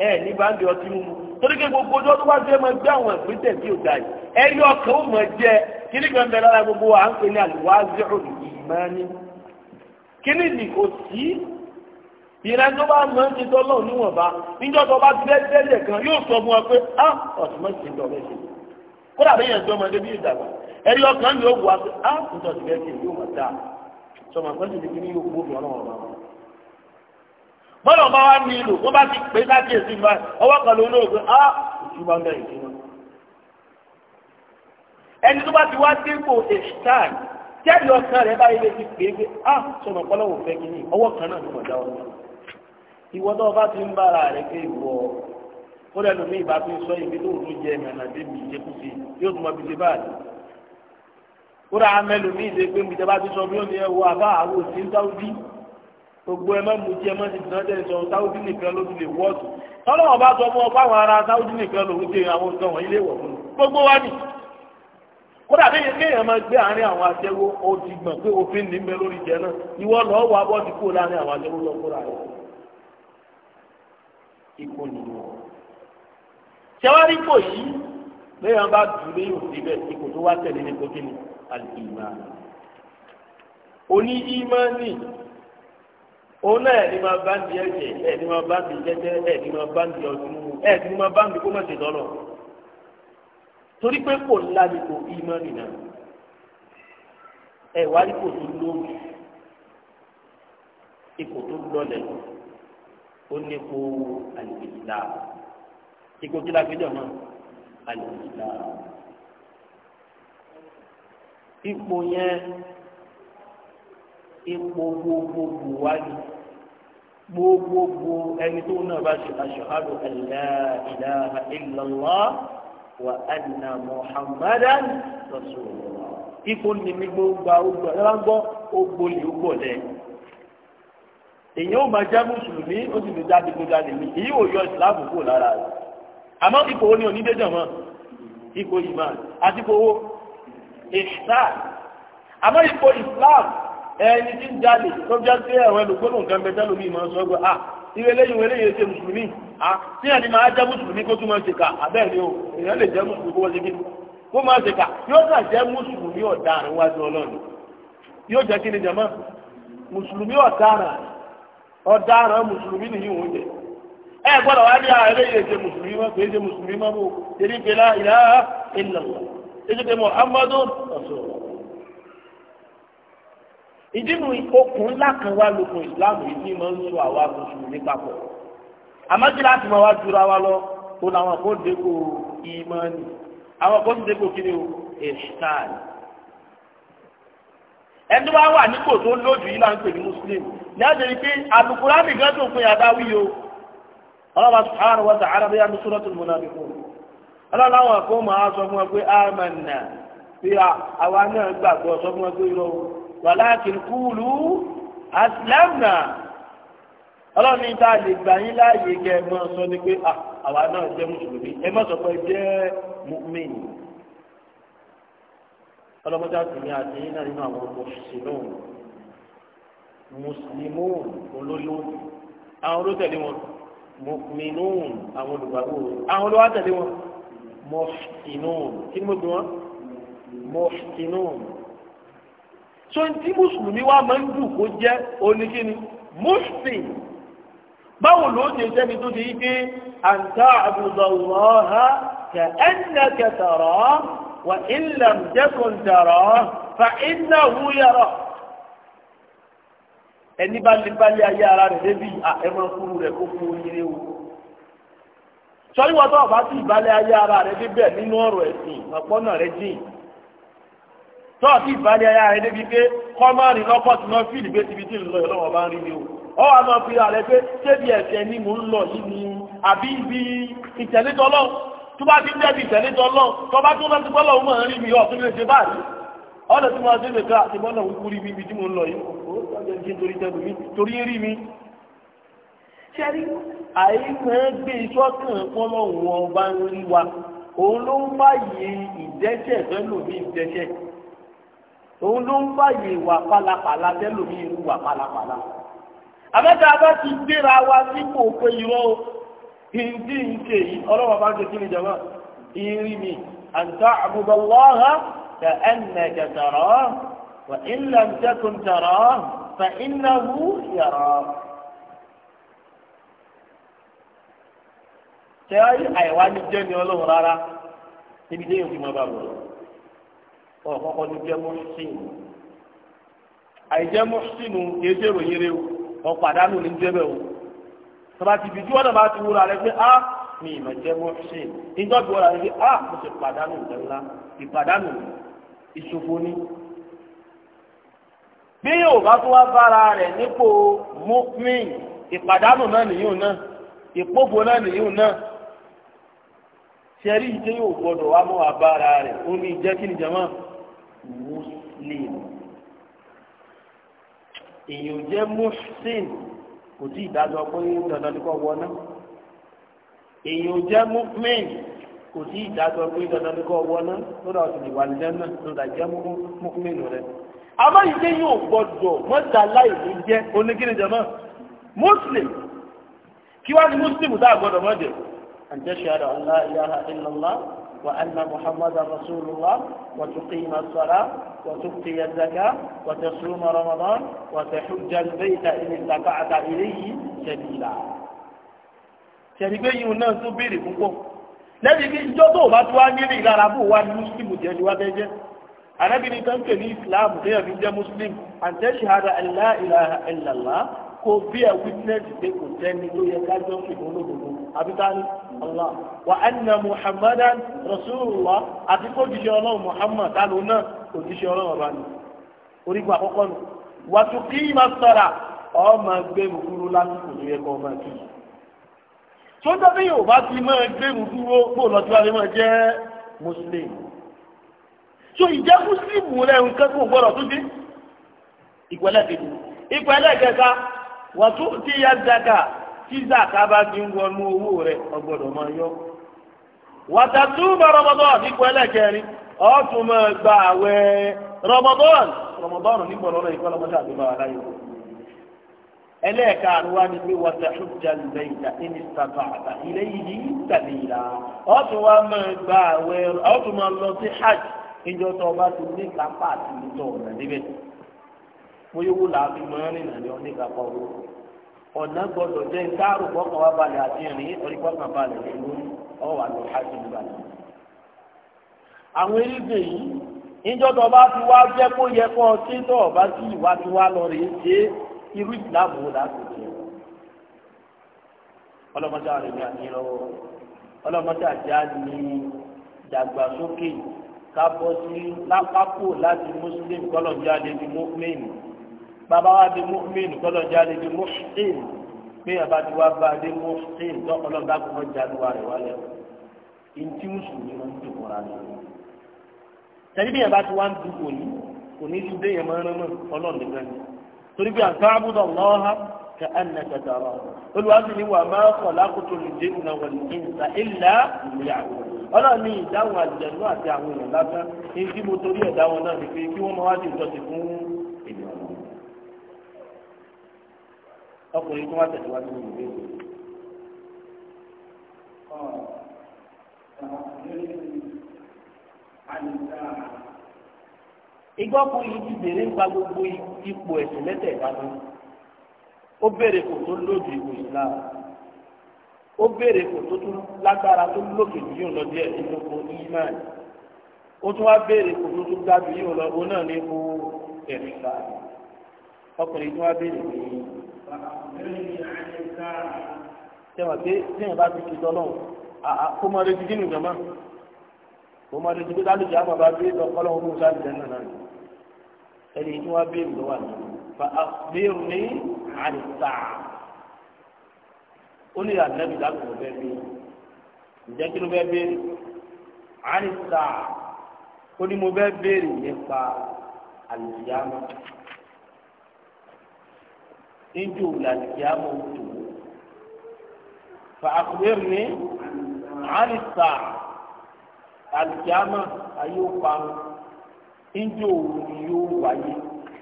ẹ̀ níbà ń di ọtí mímu torí pé gbogbo ọjọ́ tó bá dé máa gbé àwọn ìgbésẹ̀ tí ò dá yìí ẹ̀yọ́ ọkàn ó máa jẹ kíní kan bẹ̀rẹ̀ lára gbogbo à ń pè ní àlùwá zero ìmọ̀ ni kíní ni kò sí ìrẹ́ tó bá mọ̀ ń ti níwọ̀nba níjọ́ tó bá ti tẹ́lẹ̀ kan yóò sọ fún ọ pé á ọ̀sùn ndọrọ ti dọ̀ bẹ́ẹ̀ ṣe kódà bẹ́ẹ̀ yẹn tó ọmọdé bí ìdàgbà ẹ̀rí ọkàn yóò wù pé á ti yóò dáa yóò ní ìlú wọ́n bá ti pè ọwọ́ kan ló lóògbé á bá rẹ̀ ìwọ tó o bá ti ń bára rẹ pé ìwọ ó lẹnu mi ìbá fi sọ ibi tó ń tún jẹ mẹ́rin àti ibi ìjẹkùsì yóò tún mọ ibi tí báyìí kóra amẹ́lu mi ìdè pé mùtẹ́ bá ti sọ bí ó ní ẹ wo àbá àwọn òsì sáwùdí gbogbo ẹ má mú tí ẹ ti dùn ẹ́ sọ sáwùdí nìkan ló ti lè wọ́ọ̀tù tọ́lọ́wọ́ bá sọ fún ọ fáwọn ará sáwùdí nìkan lòún ṣe àwọn nǹkan wọ̀nyí lè wọ̀ fún un gbogbo wa nì kódà kéèyàn kéèyàn máa gbé àárín àwọn aṣẹ́wó ó ti gbọ̀n pé òfin ní bẹ lórí jẹ náà ìwọ lọ́ọ́ ipò nìyẹn sẹwárí ipò yìí lẹ́yìn ọba dùn lẹ́yìn òsì bẹ́ẹ̀ ipò tó wá tẹ̀lé ní kókè ní alìmánì oní ìmánì òun náà ẹni máa bá ń di ẹ̀jẹ̀ ẹni máa bá ń di jẹ́jẹ́ ẹni máa bá ń di ọdún ẹni máa bá ń di kó má ṣe dọ́lọ̀ torí pé kò ńlá kò ìmánì náà ẹ̀ wárí kò tó lóògì ipò tó lọlẹ̀ lọ ó nípo al-Islam ipò kí la fi jọ náà al-Islam ipò yẹn ipò gbogbogbò wáyé gbogbogbò ẹni tó náà bá ṣe ashhadu an la ilaha illallah wa anna muhammadan rasulullah ipò ní mi gbogbo àwọn ọgbà ẹ ó gbolè ó gbọ̀ èyàn ò máa jẹ́ mùsùlùmí ó sì lè jáde kó jáde mi èyí ò yọ ìsìláàmù kúrò lára rẹ̀ àmọ́ ipò wo ni onídéjọ́ mọ́ ipò ìmàn àti ipò owó ìsìláàmù àmọ́ ipò ìsìláàmù ẹni tí ń jáde tó já sí ẹ̀wọ̀n ẹlòmíràn nǹkan bẹ́tẹ́ lómi ìmọ̀ sọ pé à ìwé lẹ́yìn ìwé lẹ́yìn ṣe mùsùlùmí à ah, tí ẹni máa jẹ́ mùsùlùmí kó tún ṣèkà àbẹ́ẹ̀ ni o èèyàn lè jẹ́ mùsùlùmí kó wọ́n ṣe kí kó máa ṣèkà yóò kà jẹ́ mùsùlùmí ọ̀daràn wájú ọlọ́run yóò jẹ́ kí ni jẹ̀mọ́ mùsùlùmí ọ̀daràn ọ̀daràn mùsùlùmí nìyí wọ́n jẹ gbọ́dọ̀ wá ní ààrẹ mùsùlùmí mọ́ kò ṣe mùsùlùmí mọ́ bò èdè bẹ́lá ìlà ìlànà muhammadu ọ̀sọ̀. ìdí nu okùn ńlá kan wá lókun ìsìláàmù yìí ní máa ń sọ àwa mùsùlùmí papọ̀ àmọ́ láti máa wá wa lọ kó làwọn kó àwọn kó kí ẹni tó bá wà nípò tó lójú yìí pè ní muslim ní àti ẹni pé tó o ọlọ́wà sùhánù wọ́n sàárà bí yánú sọ́rọ́ tó múná bí fún un ọlọ́wà àwọn kò sọ fún wọn pé amanna bí àwa náà gbàgbọ́ sọ fún pé irọ́ ọlọ́ni tá a lè gbà yín láàyè kẹ́ ẹ mọ́ sọ ni pé àwa náà jẹ́ mùsùlùmí ọlọ́mọdé àtúnyẹ àti yín náà nínú àwọn mùsùlùmí mùsùlùmí olólùwò àwọn olótẹ̀lé wọn mùmínún àwọn olùgbàgbọ́ àwọn olówátẹ̀lé wọn mọ̀fìnún kí ni mo gbé wọn mọ̀fìnún. so tí mùsùlùmí wa máa ń dùn kó jẹ́ oníkíni mùsùlùmí báwo ló ṣe sẹ́ni tó ti yí pé àǹtá àbùdá ha kẹ́ ẹ̀ ń lẹ́kẹ̀ẹ́ tọ̀rọ̀. وإن لم تكن تراه فإنه يراه ẹni bá lè balẹ̀ ayé ara rẹ̀ débi ẹ̀mọ kúrú rẹ̀ kó fún oyinre o sọ́yìnwó tó ọba sí ìbalẹ̀ ayé ara rẹ̀ débẹ̀ nínú ọ̀rọ̀ ẹ̀sìn ọ̀pọ̀nà rẹ̀ jìn tọ́ọ̀ sí ìbalẹ̀ ayé ara rẹ̀ débi pé kọ́mọ́rin lọ́kọ̀ tí wọ́n fìdí pé tibítì ń lọ ìlọ́wọ́ bá ń rí ni o ọ wà máa fi ara rẹ̀ pé débi ẹ̀sẹ̀ ni mò ń lọ yìí ni àbí ibi ìtẹ̀lẹ́tọ́lọ́ tó bá ti jẹ́bi ìtẹ̀lé tó lọ tó bá tó lọ́n ti gbọ́ lọ́wọ́ máa ń rí mi ọ̀ tó lè ṣe báyìí ọ̀lẹ́ tí mo ṣe lè ká àti bọ́lá òun kúrí mi tí mo ń lọ yìí kò sọ́jọ́ kí n torí jẹ́bi mi torí rí mi. ṣẹ́rí àìsàn gbé sọ́kàn fọlọ́hún ọba ń rí wa òun ló ń fàyè ìdẹ́ṣẹ̀ fẹ́lòmí ìdẹ́ṣẹ̀ òun ló ń fàyè ìwà pálapàla fẹ́lòmí ìwà pálapàla àbẹ́tà bá ti ìdí nke yìí ọlọ́wọ́ bá ń ṣe kí ni jama ìrì mi an ta'budu Allaha ka'annaka tarahu wa in lam takun tarahu fa innahu yarak. tẹ àyẹ̀wò anijẹ́ ni ọlọ́run rárá níbi tí yóò fi máa bá wọ̀ ọ́ kọ́kọ́ ní jẹ́ mọ́sìn àìjẹ́ mọ́sìn kì í ṣèròyìn rẹ o ọ̀pàdánù ní jẹ́ bẹ́ẹ̀ o tọba ti bìjú ọ̀nà ti wúra rẹ pé ah, mi ìmọ̀ jẹ́ mọ́ ṣe níjọ́ bí wúra rẹ pé ah mo ṣe pàdánù nǹkan ńlá ìpàdánù ìṣòfò ni. bí yóò bá tún wá bára rẹ̀ nípò mọ́mìn ìpàdánù náà nìyóò náà ìpòfò náà nìyóò náà ṣẹ́rí ìjẹ́ yóò gbọ́dọ̀ wá mọ́ àbára rẹ̀ ó ní kí ni jẹ́mọ́ muslim èèyàn jẹ́ kò tí ì dájọ́ pé dandan ni kò wọná èèyàn jẹ́ mọ́mìn kò tí ì dájọ́ pé dandan ni kò wọná lọ́dọ̀ ọ̀sìn ìwà nílẹ̀ náà lọ́dọ̀ jẹ́ mọ́mìn rẹ̀ àmọ́ ìdí yóò gbọ́dọ̀ mọ́tà láì ní jẹ́ oníkíni jẹ́ náà muslim kí wá ní muslim tá a gbọ́dọ̀ mọ́ jẹ́ àjẹsára allah ilaha illallah wa anna muhammadan rasulullah wa tuqima as وتؤتي الزكاة وتصوم رمضان وتحج البيت إن استطعت إليه سبيلا sẹ̀rígbéyìí náà tún béèrè púpọ̀ lẹ́yìn bí ìjọ tó bá tún wá nílé ìlara bò wá ní mùsùlùmù jẹ́ ni wá bẹ́ẹ̀ jẹ́ arábìnrin kan pè ní islam téèyàn fi jẹ́ mùsùlùmù àǹtẹ̀ṣe hada ilá ilá ilàlá kò bí ẹ wítínẹ́sì pé kò sẹ́ni tó yẹ kájọ́ fìdí olódodo abidani allah wa anna muhammadan rasulullah àti kó jíṣẹ́ ọlọ́run muhammad táló náà kò jíṣẹ́ ọlọ́run ọba ni orígun àkọ́kọ́ nù wàtúkì máa sọ̀rà ọ máa gbé rúkúrú lásìkò tó yẹ kó máa kí i sọ́jà bí yóò bá ti máa gbé kó lọ sí máa jẹ́ muslim so ìjẹ́ muslim rẹ̀ nǹkan gbọ́dọ̀ tó dé ìpẹ́lẹ̀ kejì ìpẹ́lẹ̀ kẹta wàtú tí ya zaka tí zaka bá fi ń wọnú owó rẹ̀ ọgbọ́dọ̀ máa yọ. wàtàtú bá rọmọdọ́n nípò ẹlẹ́kẹrin ọ̀tún máa gba àwẹ̀ rọmọdọ́n rọmọdọ́n nípò lọ́rọ̀ ìkọ́ lọ́mọdé àdúgbò aláyé wò. ẹlẹ́ẹ̀kaàrún wá ní pé wàtàhùjà lẹ́yìnà ẹni sàtọ̀ àtà ilé yìí tàbí ìlà ọ̀tún wá máa gba àwẹ̀ ọ̀tún máa lọ sí hajj ìjọ tó o bá ti ní kápá àti ìtọ̀ ọ̀nà níbẹ̀ bóyá owó la fi máa ń rìn àní oníkàkọ́ owó ọ̀nà gbọ́dọ̀ jẹ́ nkáàrò kọ́kàn wá balẹ̀ àti ìrìn orí kọ́kàn balẹ̀ nínú ọ̀wà ló hajj balẹ̀. àwọn elégbè yìí níjọ́tọ̀ bá ti wá jẹ́ kó yẹ kó ọ sí tọ̀ bá sí ìwà tí wá lọ rèé ṣe irú ìlàbò láti jẹ. ọlọ́mọdé àrùn ní àti lọ́wọ́ ọlọ́mọdé àjá ni dàgbàsókè ká bọ́ sí lápapọ̀ láti mùsùlùmí bàbá wa di mu'min kọ́lọ̀ jáde di muhsin pé yàrá ti wá bá di muhsin tọ́kọ̀lọ́ bá kọ́ jáde wà rẹ̀ wálẹ̀ ntí mùsùlùmí máa ń dùn wọ́n rárá tẹ̀lé bí yàrá ti wá ń dùn kò ní kò ní ti dé yẹn máa ń rán mọ́ ọlọ́run nìkan ni torí bí àtọ́ àbúdọ̀ lọ́ha kẹ ẹnẹ kẹta rọ olùwàsí ni wà máa kọ̀ lákòótó lè dé ìnà wọ̀lì ìnsa ìlà ìyàwó ọlọ́run ní ìdáhùn àjẹ̀nú àti àwọn èèyàn lásán ní tí mo torí ẹ̀dá wọn náà ni pé kí wọ́n máa wá sí ìjọsìn fún ọkùnrin tó wá tẹ̀síwájú nínú ìwé ìwé. ìgbọ́kùn yìí ti bèrè nípa gbogbo ipò ẹ̀sìn lẹ́tẹ̀ẹ̀ta lọ. ó bèrè kò tó lójú ipò ìsìlámù. ó bèrè kò tó tún lágbára tó lókè jù yóò lọ díẹ̀ nínú ipò ìmáà. ó tún wá bèrè kò tó tún gbájú yóò lọ òun náà ní ipò ẹ̀sìn láàbù. ọkùnrin tó wá bèrè ní tẹ́wọ̀n pé tẹ́yìn bá ti kìtọ́ lọ́wọ́ kó máa retí kí nìkan mọ́ kó máa retí pé láti jáàmù bá bí ọkọlọ́wọ́ fún sáà jẹ́ náà náà ẹni tí wọ́n bí ìlú wà fa àbíyẹ̀wò ní àdìsá ó ní àdìsá láti lọ bí ǹjẹ́ kí ló bẹ́ẹ̀ béèrè àdìsá ó ní mo bẹ́ẹ̀ béèrè nípa àlùyá mọ́ níjú òwúlàdì kí á mọ̀ tó. fàákùrẹ́rì ní àlìsà àlìkíámà ayé òpamọ́ níjú òwú ni yóò wáyé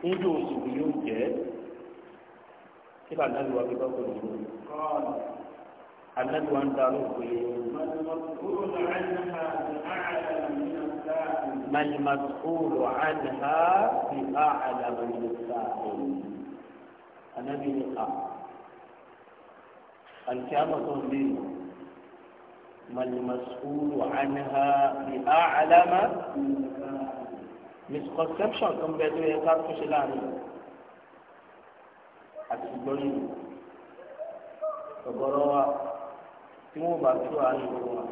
níjú òsì ni yóò jẹ́ kí bá nàbí wá bí bá kọ̀ nínú. Ànábì wa ń darú pé. Màlìmàtúrò àdìhá bí bá àdàbọ̀ nínú anábì ní ká alikiyama tó ń bí malimasulu anaha bi a alama misconception tó ń bẹ tó yẹ ká tó ṣe láàrin àti gbọ́yìn ọ̀gọ́rọ́ wa tí wọ́n bá tó àárín wọn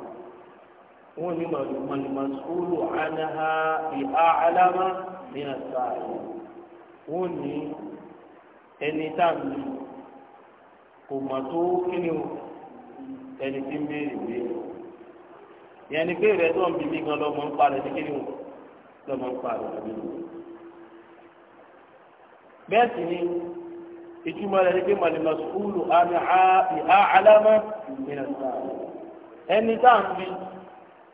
wọ́n ní malimasulu anaha bi a alama ní àtàrí wọ́n ní ẹni tá a lù kò mọ̀ tó kíni o ẹni tí ń béèrè béèrè ìyẹn ni pé ìrẹsì ọ̀n bíbí gan lọ́mọ ń parẹ́ ní kíni o lọ́mọ ń parẹ́ ní kíni bẹ́ẹ̀ sì ni ìtumọ̀ rẹ̀ ni pé màlìmọ̀ sùkúlù àmì ìhà alámọ̀ ìrìnà ẹni tá a fi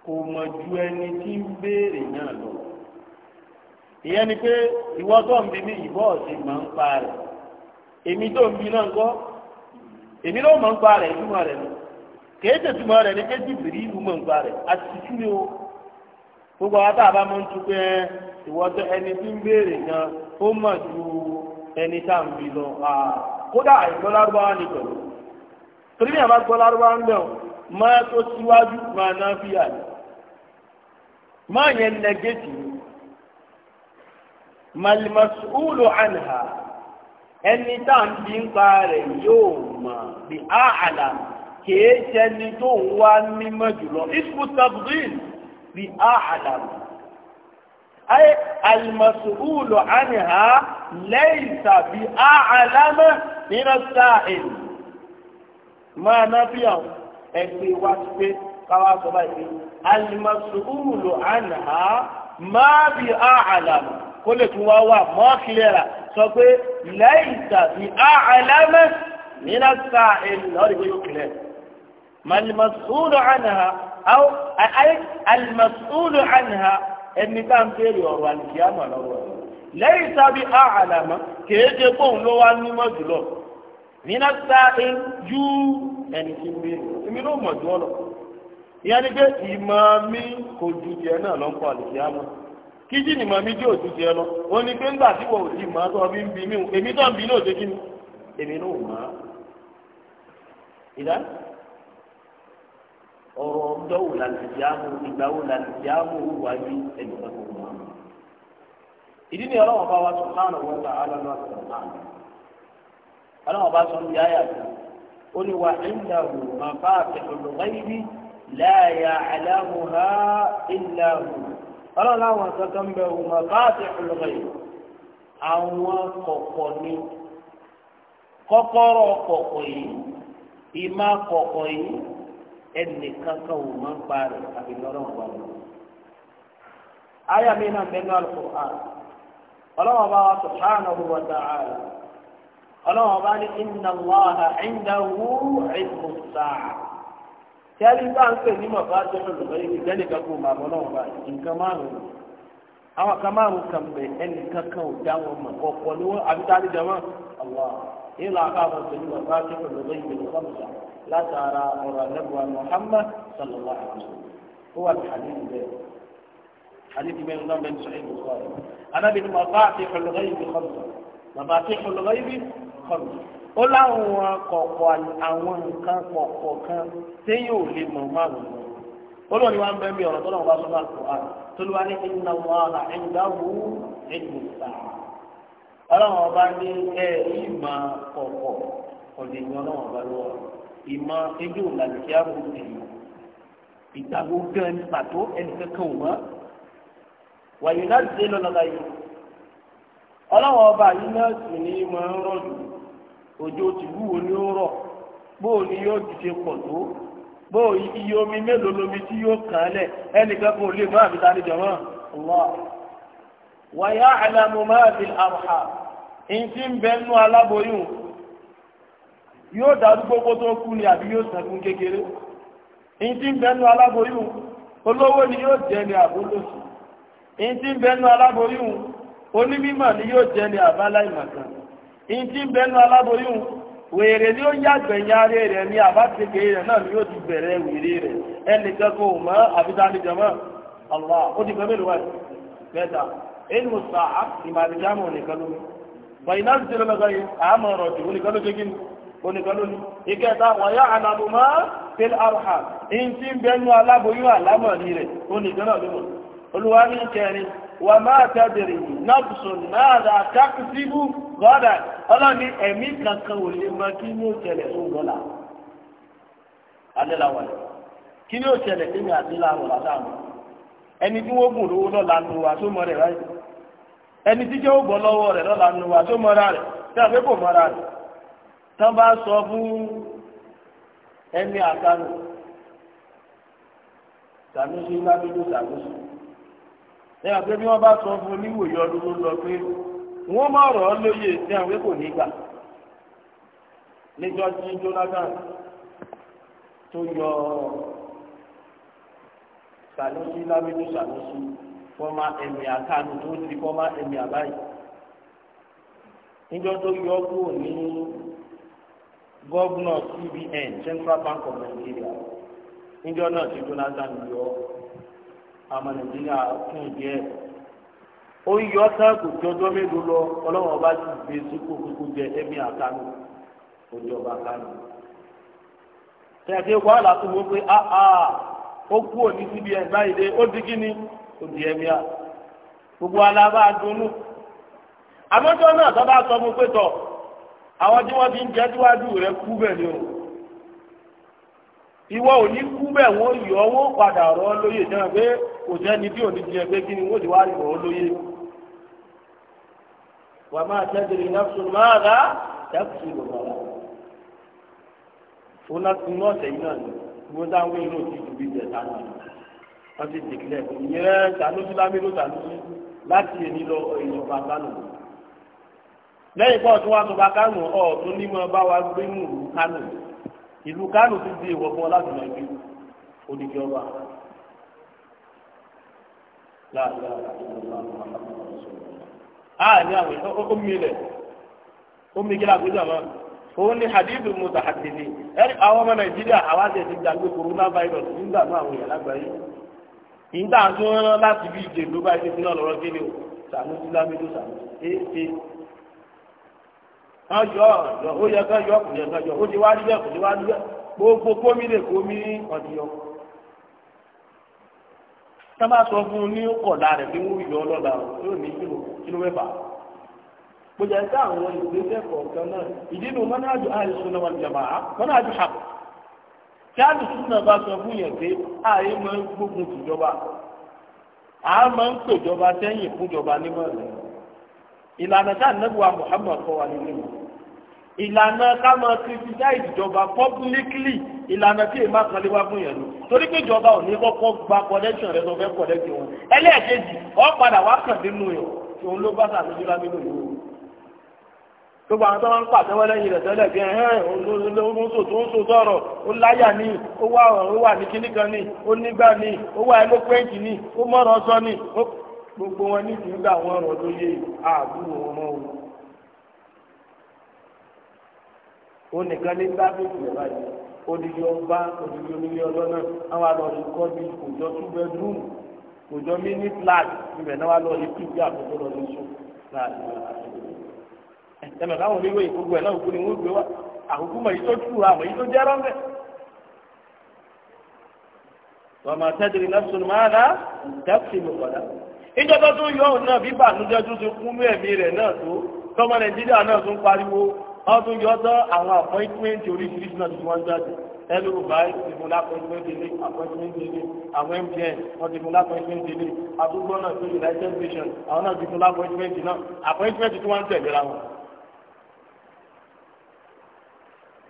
kò mọ̀ ju ẹni tí ń béèrè náà lọ ìyẹn ni pé ìwọ́tọ̀ ń bíbí ìbọ̀ ọ̀sìn máa ń pa èmi tó ń bi náà ńkọ́ èmi ló mọ̀ ń rẹ̀ ìtumọ̀ rẹ̀ nù kèé tètùmọ̀ rẹ̀ ní ìlú mọ̀ rẹ̀ o gbogbo àwọn tá a bá mọ̀ ń tu pé ẹni tí ni pẹ̀lú torí mi àbá gbọ́ lárúbáwá ń bẹ̀ o máa tó síwájú máa ná fíyà ni máa yẹn nẹgẹ́tì ẹni tá à ń bí ń pa rẹ̀ yóò mọ̀ bí àhàlà kìí ṣẹni tó ń wá mímọ́ jùlọ ismu tabdil bí àhàlà ayé alimasuulu anha laysa bí àhàlà mọ́ nínú sáàìl máa ná bí àwọn ẹgbẹ́ wá sí pé káwá sọ báyìí alimasuulu anha má bí àhàlà mọ́ kó lè tún wá wà mọ́kìlẹ́ra sọ pé lẹ́yìn tàbí àìlẹ́mẹ́ nínú sa èlù lọ́rí pé yóò kílẹ̀. màlìmọ̀sùlù ànàhà àwọn àyè àlìmọ̀sùlù ànàhà ẹni tá à ń béèrè ọ̀rọ̀ àlìkíyàmọ̀ lọ́wọ́ lẹ́yìn tàbí àìlẹ́mẹ́ kéèké pòun ló wá nímọ̀ jùlọ nínú sa èlù ju ẹni tí ń béèrè èmi ló mọ̀ jù ọ lọ ìyá ni pé ìmọ̀ mi kò ju tiẹ̀ náà lọ́ kíjì ni màmí jẹ́ òtún tiẹ̀ lọ ó ní pé ńgbà tí kò tí màá tó ọbí ń bi mí èmi tó ń bi náà ṣe kí ni èmi náà mà á. ìdá ọ̀rọ̀ ọ̀dọ́wò làlùjáàmù ìgbàwò làlùjáàmù wájú ẹni tó kò mọ̀ ìdí ni ọlọ́wọ́n bá wa subhanahu wa ta'ala àlọ́ ọlọ́wọ́n bá sọ ní ayà kan ó ní ọlọ́run àwọn kankan bẹ ọmọ báàtì ọlọ́rọ̀ yìí àwọn kọ̀kọ̀ ni kọ́kọ́rọ́ kọ̀kọ̀ yìí ìmá kọ̀kọ̀ yìí ẹnì kankan ò máa ń pa rẹ̀ àbí lọ́rọ̀ wà lọ. ayà mi náà mẹ́nu al-Qur'an ọlọ́run bá wa subhanahu wa ta'ala ọlọ́run bá ní inna Allaha 'indahu 'ilmus sa'a tẹ́lí bá ń pè ní màbá jẹ́nu lọ́wọ́ yìí ìjẹ́lẹ̀ gbogbo màbọ̀ náà wà nǹkan márùn-ún àwọn kan márùn-ún kan bẹ̀ ẹnì kankan ò dá wọn mọ̀ ọ̀pọ̀ ni wọ́n àbí tá a lè jẹ wọn àwọ̀ ìlà àbáwọn pẹ̀lú màbá jẹ́nu lọ́wọ́ yìí ìjẹ́lẹ̀ kọ́mùsà látara ọ̀rọ̀ àlẹ́bùwà Muhammad sallallahu alayhi wa sallam ó wà ní àdéhùn bẹ́ẹ̀ حديث بين ó láwọn kọ̀ọ̀kọ̀ àwọn nǹkan kọ̀ọ̀kọ̀ kan tí yóò lè mọ̀ máa wù ú olórí wa ń bẹ bí ọ̀rọ̀ tó lọ́wọ́ bá sọ́nà àkùrá tó lọ́wọ́ ní iná wa là ń dáwó ẹ̀yìn sá ọlọ́run ọba ní ẹ ìmọ̀ kọ̀ọ̀kọ̀ ọ̀dẹ̀ ìmọ̀ ọlọ́run ọba lọ́wọ́ ìmọ̀ ẹjọ́ làlùkíá mú ẹ̀yìn ìgbàgbọ́ gan pàtó ẹnì kankan ò mọ́ wàyí náà dé lọ́nà láyé ọlọ́run ọba yìí náà sì ní ìmọ̀ ń rọ̀ jù òjò tìlú wo ni ó rọ̀ bóò ni yóò ti ṣe pọ̀ tó bóò iye omi mélòó lomi tí yóò kàn án lẹ̀ ẹnìkan kò lè mọ àbí tani jọ̀mọ́ Allah wa ya'lamu ma fil arham ntí ń bẹ nú aláboyún yóò dàrú gbogbo tó kú ni àbí yóò kékeré ń bẹ aláboyún ìtí ń bẹnu aláboyún wèrè ni ó yá rẹ̀ ní rẹ̀ náà ni yóò ti bẹ̀rẹ̀ wèrè rẹ̀ ẹnìkan kò mọ́ àbídánijọ́mọ́ ó ti gbẹ́mẹ́lú wáyé mẹ́ta ẹni mo ìmàlìjámọ̀ nìkan lómi bàyìí ti lọ́mọ sọ́yìn àmọ́ ọ̀rọ̀ jù oníkan ló ṣe kí ni oníkan ló ní ìkẹta wọ̀nyá àlàbò mọ́ fil arha bẹnu aláboyún àlámọ̀ ní rẹ̀ oníkan náà ló mọ̀ وما تدري نفس ماذا تكسب غدا ọlọ́ni ẹ̀mí kankan lè kí ni ó ṣẹlẹ̀ fún dọ́là adéláwọ̀ kí ni ó ṣẹlẹ̀ kí ni adéláwọ̀ látàmú ẹni tí wọ́n gùn lówó lọ́la nu wa tó mọ rẹ̀ ráyè ẹni tí jẹ́ ó bọ̀ lọ́wọ́ rẹ̀ lọ́la nu wa tó mọ rẹ̀ tí a fẹ́ kò rẹ̀ ní àgbẹ̀ bí wọ́n bá sọ fún oníwòye ọdún ló lọ pé wọ́n má rọ̀ ọ́ lóye sí àwọn kò ní gbà níjọ́ tí Sanusi lábẹ́jú Sanusi fọ́mà ẹ̀mí àkànú tó di fọ́mà ẹ̀mí àbáyé níjọ́ tó yọ kúrò ní gọ́vnọ̀ CBN Central Bank of Nigeria níjọ́ náà tí Jonathan yọ àmọ́ nàìjíríà kún díẹ̀ ó ń yọ táàkù tí ọjọ́ mélòó lọ ọlọ́wọ́n bá ti gbé sípò kúkú jẹ ẹ̀mí àkànú òjọba kánú tẹ̀sí wàhálà tó wọ́n pé áá ah, ah, ó kú òní síbi ẹ̀ báyìí ó di kí ó di ẹ̀mí à gbogbo alábá dunú àmọ́jọ́ náà tó sọ fún pé tọ̀ àwọn tí wọ́n ti ń jẹ́ síwájú rẹ̀ kú bẹ́ẹ̀ ni o ìwọ ò ní kú bẹ́ẹ̀ wọ́n yọ wọ́n padà rọ́ lóyè náà pé kò jẹ́ni tí ò ní jẹ pé kí ni wọ́n ti wá rọ̀ ọ́ lóyè. wà á máa tẹ́tẹ̀lé náà sùn máa rà dákùsù lọ́wọ́ rà. ó náà tún náà sẹ́yìn náà ni wọ́n dáwọ́ inú ti dùbí tẹ̀ sáà wọ́n ti dìgílẹ̀ ìyẹn sànúsí lámìlú sànúsí láti èyí lọ èèyàn bàbá nù. lẹ́yìn pọ̀ tí wọ́n tún bá kánù ọ̀ tún ní ìlú kánò ti di ìwọ fún ọ láti lọ ju odidi ọba láàrin àwọn ìlú omi ilẹ̀ omi kí láti jàmá òun ni hadith mutahadidi ẹni àwọn ọmọ nàìjíríà àwa ti ti gbàgbé corona virus nígbà náà àwọn èèyàn lágbàáyé nígbà tó ń rán láti bí ìjẹ̀dó báyìí ti fi náà lọ́rọ́ kí ni o sànúsí lámídó sànúsí éèké kan yọ yọ ó yẹ kan yọ kò yẹ kan yọ ó ti wá níbẹ̀ kò ti wá níbẹ̀ gbogbo kómi lè kómi ọ̀dìyọ. sábà sọ fún un ní kọ̀dà rẹ̀ pé wọ́n yọ ọlọ́dà yóò ní kílò kílò mẹ́fà kò jẹ́ sí àwọn ìgbésẹ̀ kọ̀ọ̀kan náà ìdí nu mọ́nájú àìsùn náà wal jamaa mọ́nájú hàpù kí àdùsùn náà bá sọ fún yẹn pé ààyè máa ń gbógun tìjọba àá máa ń pèjọba sẹ́yìn fúnjọba nímọ̀ rẹ̀ ìlànà tá ànágbà Muhammad kọ́ wa nínú ìlú ìlànà ká máa criticize ìjọba publicly ìlànà tí èèmà kan lé wá fún yẹn lò torí pé ìjọba ò ní kọ́kọ́ gba connection rẹ lọ fẹ́ connect wọn ẹlẹ́ẹ̀kejì ọ padà wá kàn nínú yẹn òun ló bá sàlójú lámínú yìí gbogbo àwọn tó máa ń pàtẹ́wọ́ lẹ́yìn rẹ̀ tẹ́lẹ̀ bí ẹ̀hẹ́n olóńsòtò ń sòtọ́rọ̀ ó láyà ní ó wà ní kíníkan ní ó nígbà ní ó wà ẹlópẹ́ǹtì ní ó mọ̀rọ̀ sọ ní gbogbo wọn ní ìdúgbà wọn rọ lóye àbúrò wọn o onìkan ní gbàgbèsè báyìí odidi ọba odidi onílé ọlọ́nà àwọn àlọ́ọ̀lù kọ́ bí òjò two bedroom òjò mini flat ibẹ̀ náà wà lọ́ọ̀lù pípé àkókò lọ́ọ̀lù sùn láàrin ẹ̀mẹ̀ káwọn oníwé ìgbógun ẹ̀ náà kú ni wọ́n gbé wá àkókò mọ̀ yìí tó tù àmọ̀ yìí tó jẹ́ rọ́ńgẹ̀. wọ́n máa náà sọ̀rọ̀ máa rà dákìlì ọ̀dà ìjọba tó yọ òun náà bí bànújẹ́ tó ti kún ní ẹ̀mí rẹ̀ náà tó tọmọ nàìjíríà náà tún pariwo wọn tún yọ tán àwọn àpọ́ìntmẹ́ǹtì oríṣiríṣi náà tí wọ́n jáde ẹlú báyìí ti fún lápẹ́ńtẹ́ńtì ilé àpẹ́ńtẹ́ńtì ilé àwọn MTN wọ́n ti fún lápẹ́ńtẹ́ńtì ilé àdúgbò náà tó United Nations àwọn náà ti fún lápẹ́ńtẹ́ńtì náà àpẹ́ńtẹ́ńtì tí wọ́n ń tẹ̀lé ra wọn.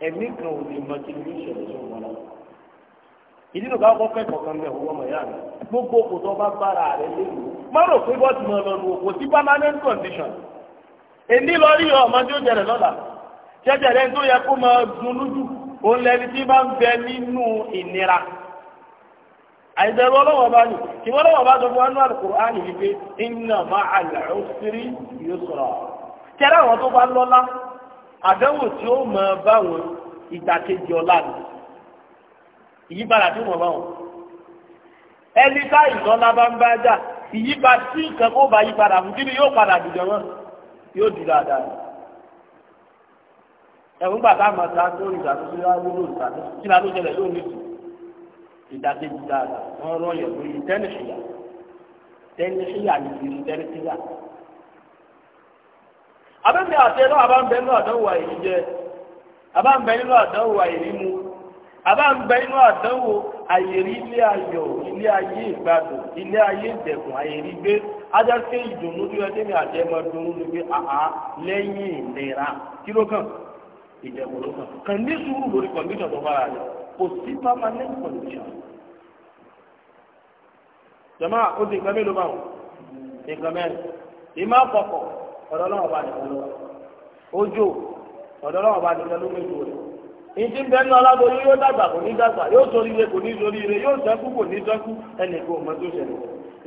ẹ̀mí kan ò lè mọ kí ní ìṣẹ̀lẹ̀ tó wọn lọ ìdílé bá kọ́ kẹ́kọ̀ọ́ kan mẹ́ owó ọmọ ìyá mi gbogbo kò tó bá bára rẹ léwu má rò pé bọ́ ti mọ lọ lu kò sí permanent condition èmi lọ rí ọmọ tí ó jẹrẹ lọ́la jẹjẹrẹ tó yẹ kó máa dun lójú òun lẹni tí bá ń bẹ nínú ìnira àìdẹ̀rù ọlọ́wọ́ bá ní kí wọ́n lọ́wọ́ bá sọ fún anú Al-Qur'ani wípé inna ma'al usri yusra kẹ́rẹ́ àwọn tó bá lọ́lá àdánwò tí ó mọ báwọn ìdàkejì ọ̀la nìyí ìyípadà tí wọ́n bá wọn. ẹni ká ìdánlá bá ń bá dà ìyípadà tí nǹkan kó bá yípadà fún kí ni yóò padà dùjọ wọn yóò dùn dáadáa. ẹ̀wọ̀n gbà tá a mọ̀ ta tó ìdàtúnṣe wá wúlò ìdàtúnṣe kí ni a tó jẹlẹ̀ yóò ní ìdàkejì dáadáa wọ́n rọ yẹ̀ lórí tẹ́nìṣìyà tẹ́nìṣìyà ni kì í tẹ́nìṣìyà. abẹ́mi àti ẹlọ́ àbámbẹ́ nínú àdánwò àyè jẹ àbámbẹ́ nínú àdánwò àyè mímu àbá ń bẹ inú àdánwò àyèrí ilé ayọ̀ ilé ayé ìgbádùn ilé ayé ìdẹ̀kùn àyèrí gbé ajásí ìdùnnú tí wọ́n tẹ́lẹ̀ àjẹmọ́ dùnnú ló gbé àhá lẹ́yìn ìlera kí ló kàn ìdẹ̀kùn ló kàn kàn ní sùúrù lórí kọ̀míṣọ̀ tó bára rẹ̀ kò sí permanent condition. jama o ti nǹkan mélòó báwọn nǹkan mẹ́rin ìmọ̀ àkọ́kọ́ ọ̀dọ́ náà wà nìkan ló ojú ọ̀dọ́ náà wà nìkan ló ìdí ń bẹnu aláboyún yóò dàgbà kò ní dàgbà yóò sórí ire kò ní sórí ire yóò sẹ́kù kò ní sẹ́kù ẹnì kò mọ tó ṣẹlẹ̀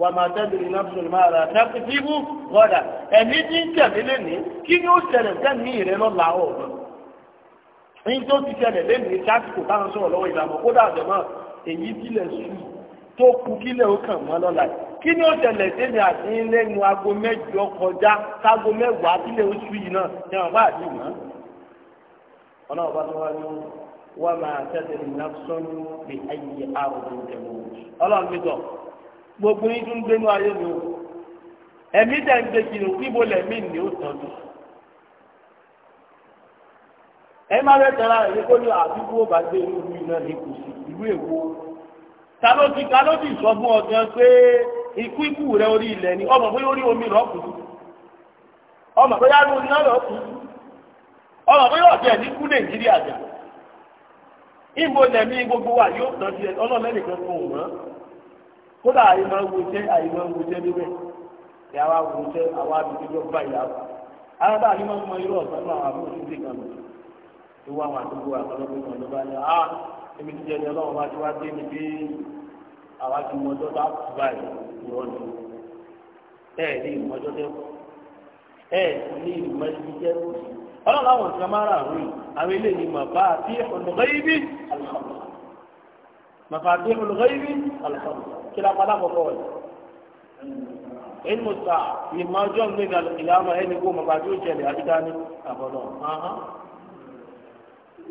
wà máa tẹ́lẹ̀ iná sọ̀rọ̀ máa ra ẹ̀kú gbọ́dà ẹ̀mí tí ń tẹ̀lé lẹ́nìí kí ni ó ṣẹlẹ̀ sẹ́ni ìrẹ́ lọ́la ọ̀rọ̀ ní tó ti ṣẹlẹ̀ lẹ́nìí sásìkò táwọn sọ̀rọ̀ lọ́wọ́ ìlànà kódà àjọmọ́ èyí tilẹ̀ sùn tó kú kílẹ̀ ó kàn mọ́ lọ́la kí ni ó ṣẹlẹ̀ sẹ́ni àti lẹ́nu aago mẹ́jọ kọjá kágo mẹ́wàá kílẹ̀ ó sùn yìí náà ní ọlọ́run bá tó wá ní wà máa tẹ́tẹ̀lì nafsọ́nù bí ayé àrùn tẹ̀lé ọlọ́run mi gbọ́ gbogbo yín tún gbénú ayé mi o ẹ̀mí tẹ̀ ń gbé kiri níbo lẹ̀mí ni ó tọ́jú ẹ má bẹ tẹ̀lé àyè kó ní àdúgbò bá gbé inú ìlú iná ní sí ìlú èkó talóti talóti sọ fún ọ pé ikú ikú rẹ orí ilẹ̀ ni ọmọ bóyá orí omi rọ̀ kù ọmọ bóyá orí iná rọ̀ kù. ọ̀rọ̀ pé yóò jẹ́ ní kú nàìjíríà jà ìbò lẹ́mí gbogbo wa yóò tán sí ọlọ́lẹ́nìkan fún òun mọ́ kódà àìmọ̀ ń wojẹ́ àìmọ̀ ń wojẹ́ níbẹ̀ ẹ̀ àwa wojẹ́ àwa mọ irú ọ̀sán náà kan lọ àdúgbò kan ló bá ní à ah, èmi ti jẹ́ ní ọlọ́run wá tí wá dé bí àwa ti mọ ọjọ́ bá ọlọ́run àwọn nǹkan máa rà rú àwọn eléyìí màbá àti olùgbẹ́yìbí alhamdu màbá àti olùgbẹ́yìbí alhamdu kí la padà kọ̀kọ́ rẹ̀ ẹni mo sà ìmọ̀ ọjọ́ mi ní ìlànà ẹni kó màbá àti òjẹ̀lẹ̀ àbíká ní àbọ̀dọ̀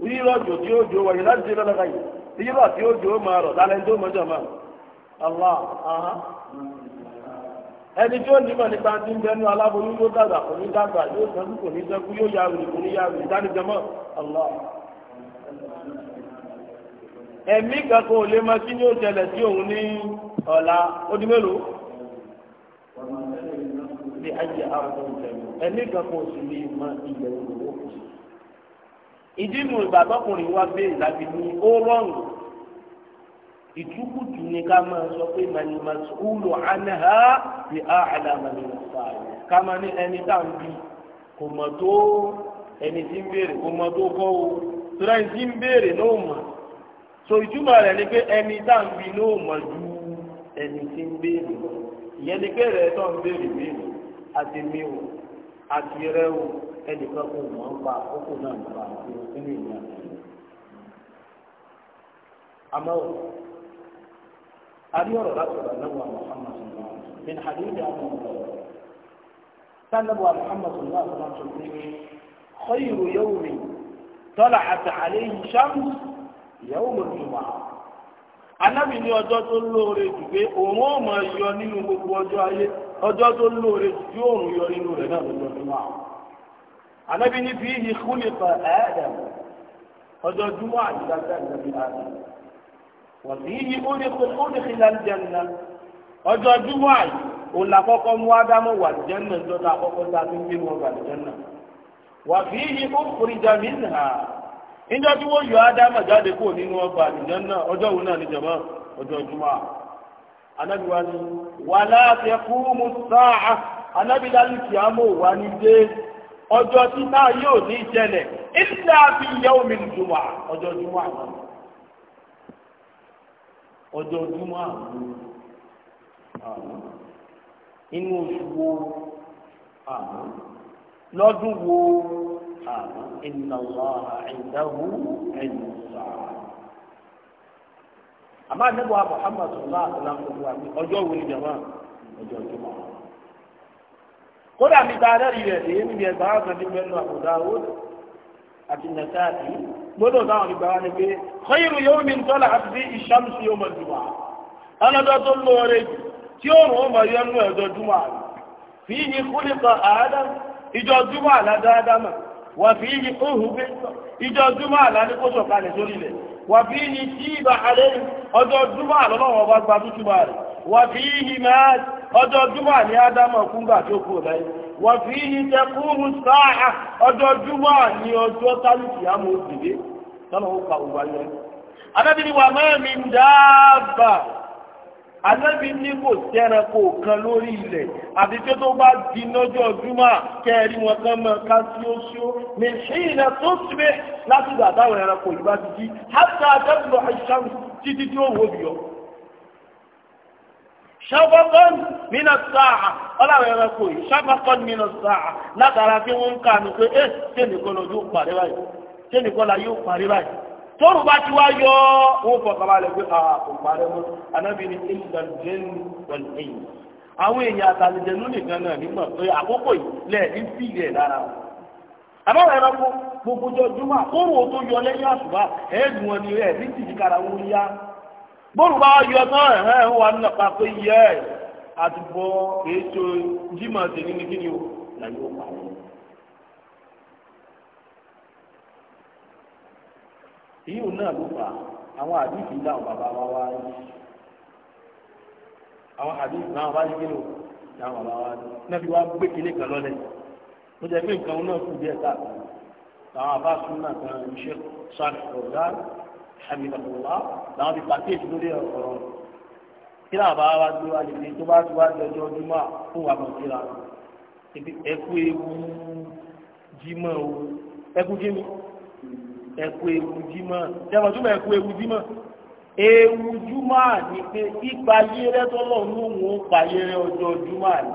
rírọ̀ jò tí ó jò wọ̀nyí láti ṣe lọ́lọ́ka yìí rírọ̀ tí ó jò máa rọ̀ lálẹ́ ní tó mọ́jọ́ máa ẹni tí ó nímọ̀ nípa ti ń bẹnu aláboyún yóò dàgbà kò ní dàgbà yóò sẹ́kù kò ní sẹ́kù yóò ya wèrè kò ní ya wèrè dánidẹ́mọ̀ ọ̀lọ́. ẹ̀mí kankan ò lè mọ kí ni ó ṣẹlẹ̀ sí òun ní ọ̀la ó mélòó. ẹ̀mí kankan ò sì lè mọ ilẹ̀ òun ìdí nu ìgbàgbọ́kùnrin wa bẹ́ẹ̀ láti ní ó rọrùn ìtukùtù ni ká máa sọ pé mani mas'ulu anaha ni a'lama min as-sa'il ká máa ní ẹni tá à ń kò mọ̀ tó ẹni tí ń béèrè kò mọ̀ tó kọ́ o tura ẹni tí ń béèrè náà mọ̀ so ìtumọ̀ rẹ̀ ni pé ẹni tá à ń bi náà mọ̀ ju ẹni tí ń béèrè ìyẹn ni pé rẹ̀ tó ń béèrè béèrè àti mi o àti rẹ o ẹnìkan kò mọ̀ ń pa àkókò náà nípa àti nínú ìyá àmọ́ هل يرى رسول الله محمد صلى من حديث عن قال نبوى محمد صلى الله عليه وسلم خير يوم طلعت عليه شمس يوم الجمعة النبي لي أجوة اللورة جوكي أموما يوني نبوك وجوة أجوة اللورة جوكي أموما يوني نبوك الجمعة النبي لي فيه خلق آدم أجوة جمعة جوكي آدم wàbíyí ódìkìlá jẹ́nà ọjọ́ júmọ́ àyè olàkọ́kọ́ mú ádámù wà jẹ́nà jọta àkọ́kọ́ tá a ti ń gbé wọn wà jẹ́nà wàbíyí ó kórè jàmí nà níjọ́ tí wọ́n yọ ádámù jáde kó nínú ọgbà jẹ́nà ọjọ́ òun náà ní jọ̀mọ́ ọjọ́ júmọ́ ni wàlá àtẹkù mùsáà anabi lálẹ́ kìámù wà ní dé ọjọ́ tí náà yóò ní ìṣẹ̀lẹ̀ ìlà fi yẹ́ omi jùmọ̀ ọjọ́ jùmọ̀ àwọn ọjọ́ ojúmọ́ àmú inú oṣù wo àmú lọ́dún wo àmú ìnáwó àìdáwó ẹ̀yìnsá. àmọ́ àdébọ̀ Muhammad sọ̀rọ̀ àtàlámù wa ní ọjọ́ wo ni jàmá ọjọ́ ojúmọ́ kódà mi ta adárìí rẹ̀ dé níbi ẹgbàá kan níbi ẹnu àbùdá ó àti nàìjíríà gbọ́dọ̀ táwọn ìgbà wa ni pé khayru yawmin tala'at fihi ash-shamsu yawm al-jumu'ah ọlọ́dọ́ tó lóore tí òòrùn ó máa yọnu ẹ̀dọ́ júmọ̀ àná fihi khuliqa Adam ìjọ júmọ̀ àná dáadáa mọ̀ wà fihi uhbe ìjọ júmọ̀ àná ní kó sọ̀kalẹ̀ sórí ilẹ̀ wà fihi tíìbà àlẹ́ ọjọ́ júmọ̀ àná lọ́wọ́ ọba gba tútù wà fihi máa ọjọ́ júmọ̀ àní ádámọ̀ kúngbà tó kú ọ̀láyé wàfí ìjẹkùrù sáà ọjọ́ júmọ́ ní ọjọ́ tálùkì àmọ́ òdìdé tọ́nà ó pa òwà yẹn. anábì ni wà mẹ́rin mi dáàbà anábì ní kò sẹ́ranko kan lórí ilẹ̀ àti tí tó bá di lọ́jọ́ júmọ́ kẹ́ẹ̀rí wọn kan mọ́ ká sí oṣù mi ṣí ilẹ̀ tó síbẹ̀ láti gbà ẹranko ìgbà ti jí hátà àìsàn títí tí ó wò yọ ṣàbọ̀kọ́n nínú sáà ọláwọ̀ ẹranko yìí ṣàbọ̀kọ́n nínú sáà látara kí wọ́n ń kà ní pé ẹ́ eh, tẹ́nì kan lọ́jọ́ parí báyìí tẹ́nì kan la yóò parí báyìí tóru bá ti wá yọ wọn fọkàn balẹ̀ pé a ah, kò parí mọ́ anábì ní ìgbàlùjẹ́nu pẹ̀lú ẹ̀yìn àwọn èèyàn àtàlùjẹ́nu nìkan náà nígbà pé àkókò yìí lẹ̀ ní fìlẹ̀ lára wọn àbáwọ̀ ẹranko gbogbo jọ jùmọ̀ àkóró tó yọ lẹ́yìn àṣùbà ẹ̀ẹ́dùn wọn ni ẹ̀ ní tìjìkára wọn yá bóòlù bá yọ náà ẹ̀hẹ́ ń wà nílẹ̀ pa pé yẹ ẹ̀ àti bọ́ kìí ṣe jimá tèmi ní kíni o là yóò pa wọn. ìyóò náà ló fà àwọn àdìsí náà bàbá wa wá rí àwọn àdìsí náà wá rí kíni o náà bàbá wa rí náà fi wá gbé kíní kan lọ́lẹ̀ mo jẹ́ pé nǹkan náà kù díẹ̀ káàkiri àwọn àbá sún náà kan iṣẹ́ sáré ọ̀gá hamidulillah làwọn ti pàkíyèsí lórí ọ̀rọ̀ kí náà bá wa gbé wa lè fi tó bá tó wá jọjọ ojúmọ́ fún wa mọ̀ síra ẹkú ewu jímọ̀ o ẹkú jímọ ẹkú ewu jímọ̀ jẹmọ túmọ̀ ẹkú ewu jímọ̀ ewu júmọ̀ ni pé ipa yẹrẹ tó lọ ní òun pa yẹrẹ ọjọ́ júmọ̀ ni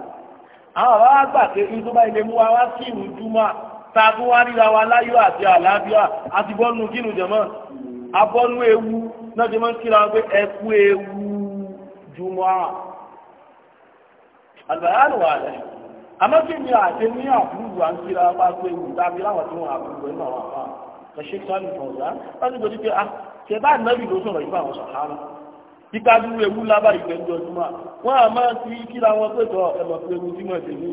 àwọn bàbá wa gbà pé ní tó bá ilé mú wa wá sí ìrun júmọ̀ tá a tún wá ríra wa láyọ̀ àti àlàáfíà àti bọ́ọ̀nù kínú jẹ̀mọ́ abọ́nú ewu náà ti máa ń kíra pé ẹkú ewu jùmọ̀ à àlùbáyà wà lẹ̀ àmọ́ kí ni àti ní àbúrò à ń kíra pa pé ewu dábí láwọn tí wọ́n àbúrò ẹ̀ náà wà fà kẹ̀ṣẹ́ sọ́ọ́nù fọ̀ọ̀dá wọ́n ti gbọ́dí pé ah tẹ̀ bá nàbì ló sọ̀rọ̀ yìí fún àwọn sọ̀hánà kíkà dúró ewu lábàá ìgbẹ́ ń dọ̀tún máa wọ́n á máa ti kíra wọn pé tọ́ ẹ̀mọ̀ pé ewu tí wọ́n ti ní.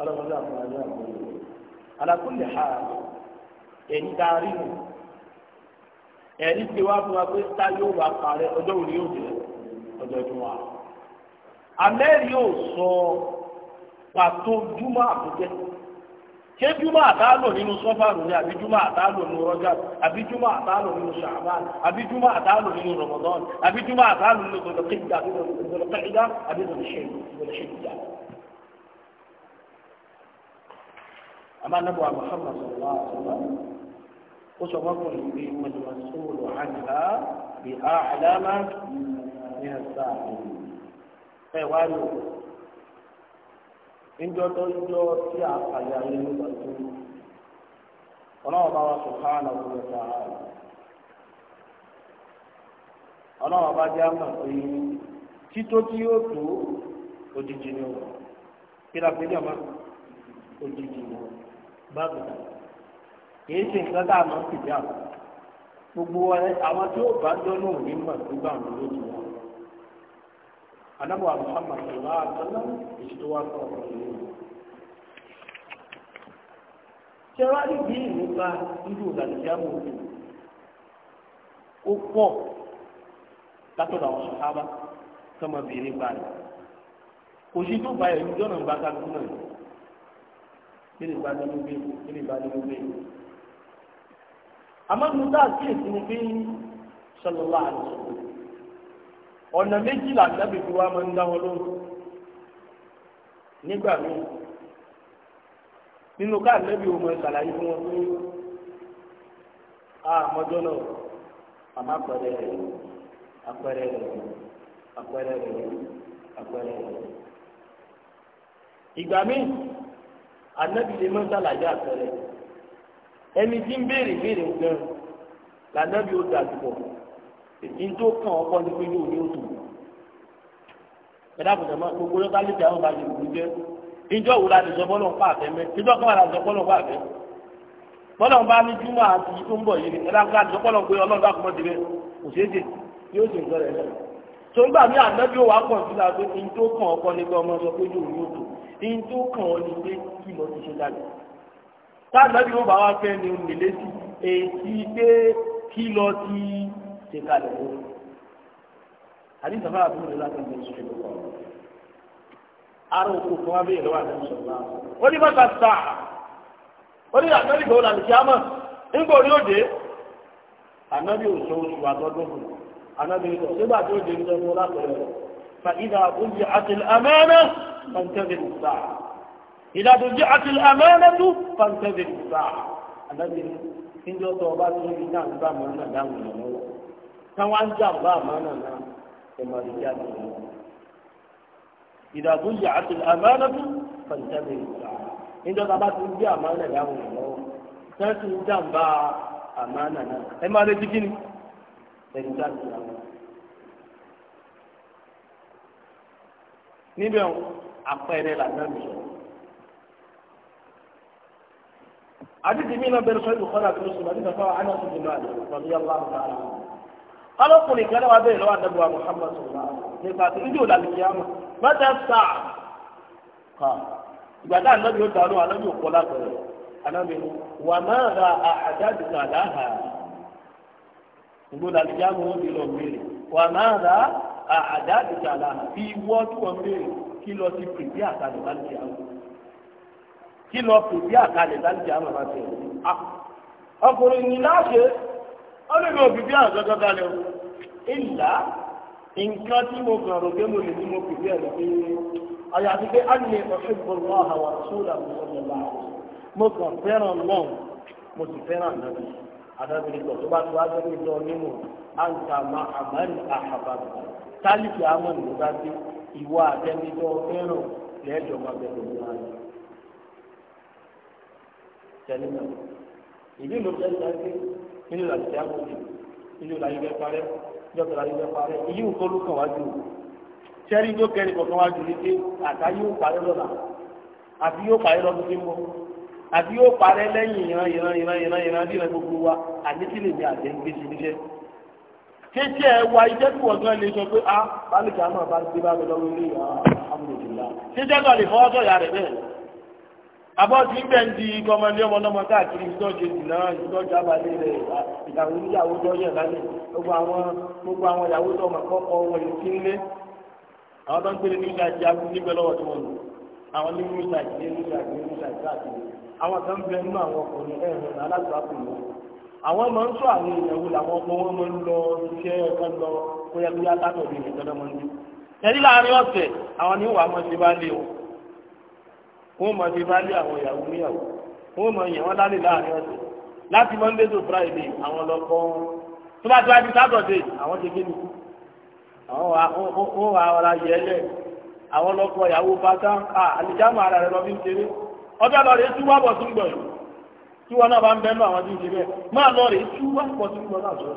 ọlọ́mọdé àfọwọ́dé ẹ̀yìn tá a rí nù ẹ̀rí fún wa pé tá yóò wá ọjọ́ òní yóò jẹ ọjọ́ ìjùmọ̀ à. amẹ́rì yóò sọ pàtó júmọ̀ àbújẹ́ ṣé júmọ̀ àtàlò nínú sọ́fàrù ni àbí júmọ̀ àtàlò nínú rọ́jà àbí àtàlò nínú àbí àtàlò nínú rọmọdán àbí àtàlò nínú àbí àbí sọ̀rọ̀ ó sọ mọ́kùnrin pé mọ̀lẹ́mọ̀sọ́wọ́lù àná bí a àlámà ní ẹ̀sà ẹ̀ wá lò níjọ́ tó ń jọ tí a pàdé ayé nígbà tó ọlọ́run bá wa sọ káàlà òwúrọ̀ sáà ọlọ́run bá jẹ́ àmọ̀ pé tító tí yóò tó òjijì ni ó kí la jẹ́ ọmọ òjijì ni ó bá gbọ́dọ̀ kìí ṣe nǹkan tá a mọ̀ sí ìjà gbogbo àwọn tí ó bá jọ náà ní mọ̀ nígbà wọn lójú wọn. anábọ̀ Muhammad sallallahu alaihi wasallam ètò wa sọ ọ̀rọ̀ yìí. ṣé wàá rí bí nípa irú ìdàgbàsíàmù òkè ó pọ̀ látọ̀dọ̀ àwọn sọ̀hábà tọmọbìnrin gbà rẹ̀ kò sí tó báyọ̀ ìjọ́nà ń bá náà kí ni ìbá ní gbogbo kí ni ìbá ní gbogbo àmọ́ nínú tá a kíyèsí ni bí sọlọ́lá àti ọ̀nà méjìlá lábẹ́ ìdíwá máa ń dáwọ́ lóhùn nígbà míì nínú ká lẹ́bi ọmọ ìsàlàyé fún wọn pé àmọ́jọ́ náà àmọ́ àpẹẹrẹ rẹ̀ àpẹẹrẹ rẹ̀ àpẹẹrẹ rẹ̀ àpẹẹrẹ rẹ̀ ìgbà míì ànábìlẹ̀ mọ́sálàyé àpẹẹrẹ rẹ̀ ẹni tí ń béèrè béèrè ń gan lànà bí ó dà jùlọ èyí tó kàn ọkọ ní pé yóò ní òtò ẹ̀dá kùtà máa gbogbo ló bá lè dáhùn bá lè wù ìjọ wo la lè sọ bọ́lọ̀ ń pa àfẹ́ mẹ́ ìjọ kan la sọ bọ́lọ̀ ń pa àfẹ́ bọ́lọ̀ ń bá ní júmọ̀ àti tó ń bọ̀ yìí ni ẹ̀dá kùtà sọ bọ́lọ̀ ń pé ọlọ́run bá kùmọ̀ tibẹ̀ kò ṣeé ṣe yóò ṣe nǹkan rẹ̀ lẹ́yìn tó ń gbà mí ànábì òwà pọ̀ sí la pé ìjọ kan ọkọ ní pé ọmọ sọ pé yóò ní òtò ìjọ kan ọ táàgbàdì ó bá wá fẹ́ ni òun nílé sí èyí pé kí lọ ti ṣe kalẹ̀ o àdìsí àbá àbúrò rẹ láti ṣe ṣe ṣe kọ́ ara òkú fún wa bẹ́ẹ̀ lọ́wọ́ àdìsí ọ̀la ó ní bàtà sáà ó ní àgbẹ̀rì gbọ́ làmì kí á mọ̀ nígbà orí òde ànábì òṣò oṣù àtọ́dún fún ànábì òṣò nígbà tí ó dé ní ọmọ lápẹ̀rẹ̀ fa ìdá àbújá àti àmẹ́rẹ́ fàǹtẹ́bì sáà ìdádójú àti àmọ́nẹ́tù pàǹtẹ́bì gbà àdájọ́ níjọ́ tó ọba tó níbi náà ń bá àmọ́ náà dáhùn ìlú lọ́wọ́ táwọn ń jàǹbá àmọ́ náà náà ẹ̀ máa lè jáde lọ́wọ́ ìdádójú àti àmọ́nẹ́tù pàǹtẹ́bì gbà níjọ́ tó ọba tó níbi àmọ́ náà dáhùn ìlú lọ́wọ́ tẹ́sí ń jàǹbá àmọ́ náà náà ẹ̀ máa lè jí kí ni ẹ̀ ń jáde lọ́wọ́ níbẹ̀ àpẹẹrẹ làdá mi sọ̀rọ̀ àdìdì mí náà bẹ̀rẹ̀ sọ́yìn kọ́lá tó sùn àdìdì fáwọn àná tó dì máa rọ̀bí aláwọ̀ tààrà. ọlọ́kùnrin kan náà wà bẹ̀rẹ̀ lọ́wọ́ àdàbọ̀ Muhammad sọ̀rọ̀ nípa àti ìdí òlà lè yá mọ̀ mẹ́ta sà kà ìgbà náà lọ́bí ó dàrú àlọ́bí ò kọ́lá bẹ̀rẹ̀ àlọ́bí wà máa ra àdáàdì sàdáhà ìgbó làlẹ́ yá mọ̀ ó di lọ bẹ̀rẹ̀ wà máa ra àdáàdì sàdáhà fi wọ́ tí wọ́n bẹ̀rẹ̀ kí lọ sí pèsè àtàlù bá ti àwọn. kí lọ kò bí àkàlẹ̀ láti àmà bá tẹ̀ ọkùnrin ní láṣẹ ọlọ́run òbí bí àgọ́gọ́ kalẹ̀ o ìlà nǹkan tí mo kàn mo lè ní mo kò bí ẹ̀rọ pé àyàfi pé a lè ọ̀fẹ́ gbọ́dọ̀ àwọn sódà mo kàn fẹ́ràn mo sì fẹ́ràn tó bá tó àmàlì àhàbàbà àmọ́ fẹ́ràn tẹlifà ìdí ìlú tẹ sáré nínú ìlànà ìjà kùnì nínú ìlànà ìgbẹ parẹ ìjọba ìlànà ìgbẹ parẹ ìyí nǹkan olùkọ wájú sẹ́rí tó kẹrin kọ̀ọ̀kan wájú ni pé àtá yóò parẹ́ lọ́la àti yóò parẹ́ lọ́dún tí ń bọ̀ àti yóò parẹ́ lẹ́yìn ìran ìran ìran ìran ìran bí ìran gbogbo wa àti kí lèmi àjẹ́ ń gbé sí níṣẹ́. kéjì ẹ wa iṣẹ́ tí wọ́n gan lè sọ pé a ah, bá lè kí a máa bá gbé bá mi lọ́wọ́ ilé ìyá amúlòdìlá. Ah, ṣé jẹ́ náà lè fọwọ́ sọ̀yà rẹ̀ bẹ́ẹ̀ abọ́sí bẹ́ẹ̀ ń di gọmọdé ọmọdọ́mọ káàkiri ìdọ́jẹ ìdìnnà ìdọ́jẹ abalẹ̀ rẹ̀ ìyàwó níyàwó dọ́yẹ̀ lálẹ́ gbogbo àwọn gbogbo àwọn ìyàwó tó ọmọ kọ́kọ́ wọn yìí ti ń lé àwọn tó ń pèlè ní ìdájí agbóhùn níbẹ̀ lọ́wọ́ tó wọn lò àwọn ní rúṣàjì ní rúṣàjì ní rúṣàjì káàkiri àwọn kan bẹ nínú àwọn ọkùnrin ẹ̀rọ alágbàkùnrin àwọn máa ń sọ àwọn ìyàwó làwọn ọmọ wọn máa ń lọ iṣẹ́ kan lọ kóyá kóyá látọ̀ bí ìrìnkẹ́lẹ́ máa ń dé. ẹ̀rí láàrin ọ̀sẹ̀ àwọn ni wàá mọ̀ ṣe bá lé wọn wọ́n máa fi báálé àwọn ìyàwó níyàwó wọ́n máa yàn wọ́n lálẹ́ láàrin ọ̀sẹ̀ láti monday to friday àwọn lọ kọ́ tó bá tó bá di saturday àwọn ti gbé mi àwọn wà ọ̀rá yẹ ẹ lẹ̀ àwọn lọ kọ ìyàwó bàtà àlìjáàmù ara rẹ lọ fi ń ṣeré ọjọ́ lọ rèé túwá bọ̀ tún gbọ̀ yìí tí wọn náà bá ń bẹ́ẹ̀ náà àwọn ti ń ṣe bẹ́ẹ̀ máa lọ rèé túwá bọ̀ tún gbọ̀ náà sọ̀rọ̀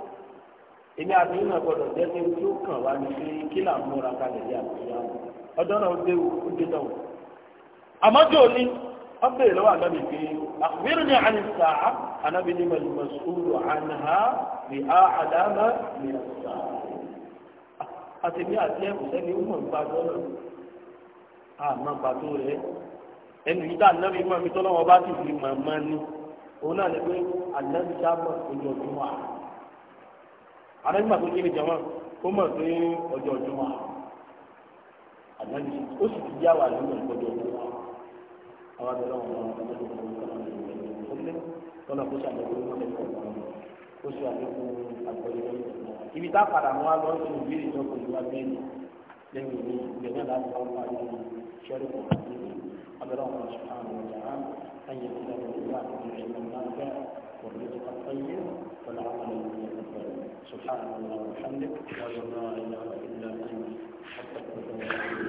èmi àti yín náà gbọ́dọ̀ jẹ́ pé tí ó kàn wá ní pé kí là ń múra kalẹ̀ yá àtúnyá ọdọ́ náà ó dé wò ó dé náà wò. àmọ́ tí ò ní wọ́n béèrè lọ́wọ́ àgbà mi pé àkùnrin ní àníṣà ànábi ní mọ̀lùmọ̀sùlù àníhà ní àdámà ní àṣà. àtẹ̀mí àti ẹ̀kọ́ sẹ́ni ó mọ̀ nípa gbọ́dọ̀ àmọ́ pàtó rẹ̀ ẹnu yìí tá ànábi mọ̀ mi tọ́lọ́wọ́ bá ti fi mọ̀ mọ́ ni òun náà ní pé ànábi sábà anágbà tó kí ni jama ó mọ̀ pé ọjọ́ ọdún wa ànábi ó sì ti yá wà lónìí ọjọ́ ọdún wa àwọn abẹ́rẹ́ wọn náà ọjọ́ ọdún wa ó lé lọ́nà kó ṣàlẹ́kùn ní ọjọ́ ọdún wa kó ṣe àlékún àgbọ̀yé ibi tá a padà mọ́ wa lọ́wọ́ sí ìbéèrè náà kò ní wá bẹ́ẹ̀ lẹ́yìn ní ìgbẹ̀rẹ̀ láti wọ́n parí ṣẹ́rù kò ní abẹ́rẹ́ wọn ṣùgbọ́n àwọn ọjà rán ẹ̀yìn ìgbẹ̀rẹ̀ wọn ní wà ní ìrìn سبحان الله وبحمدك لا اله الا انت استغفرك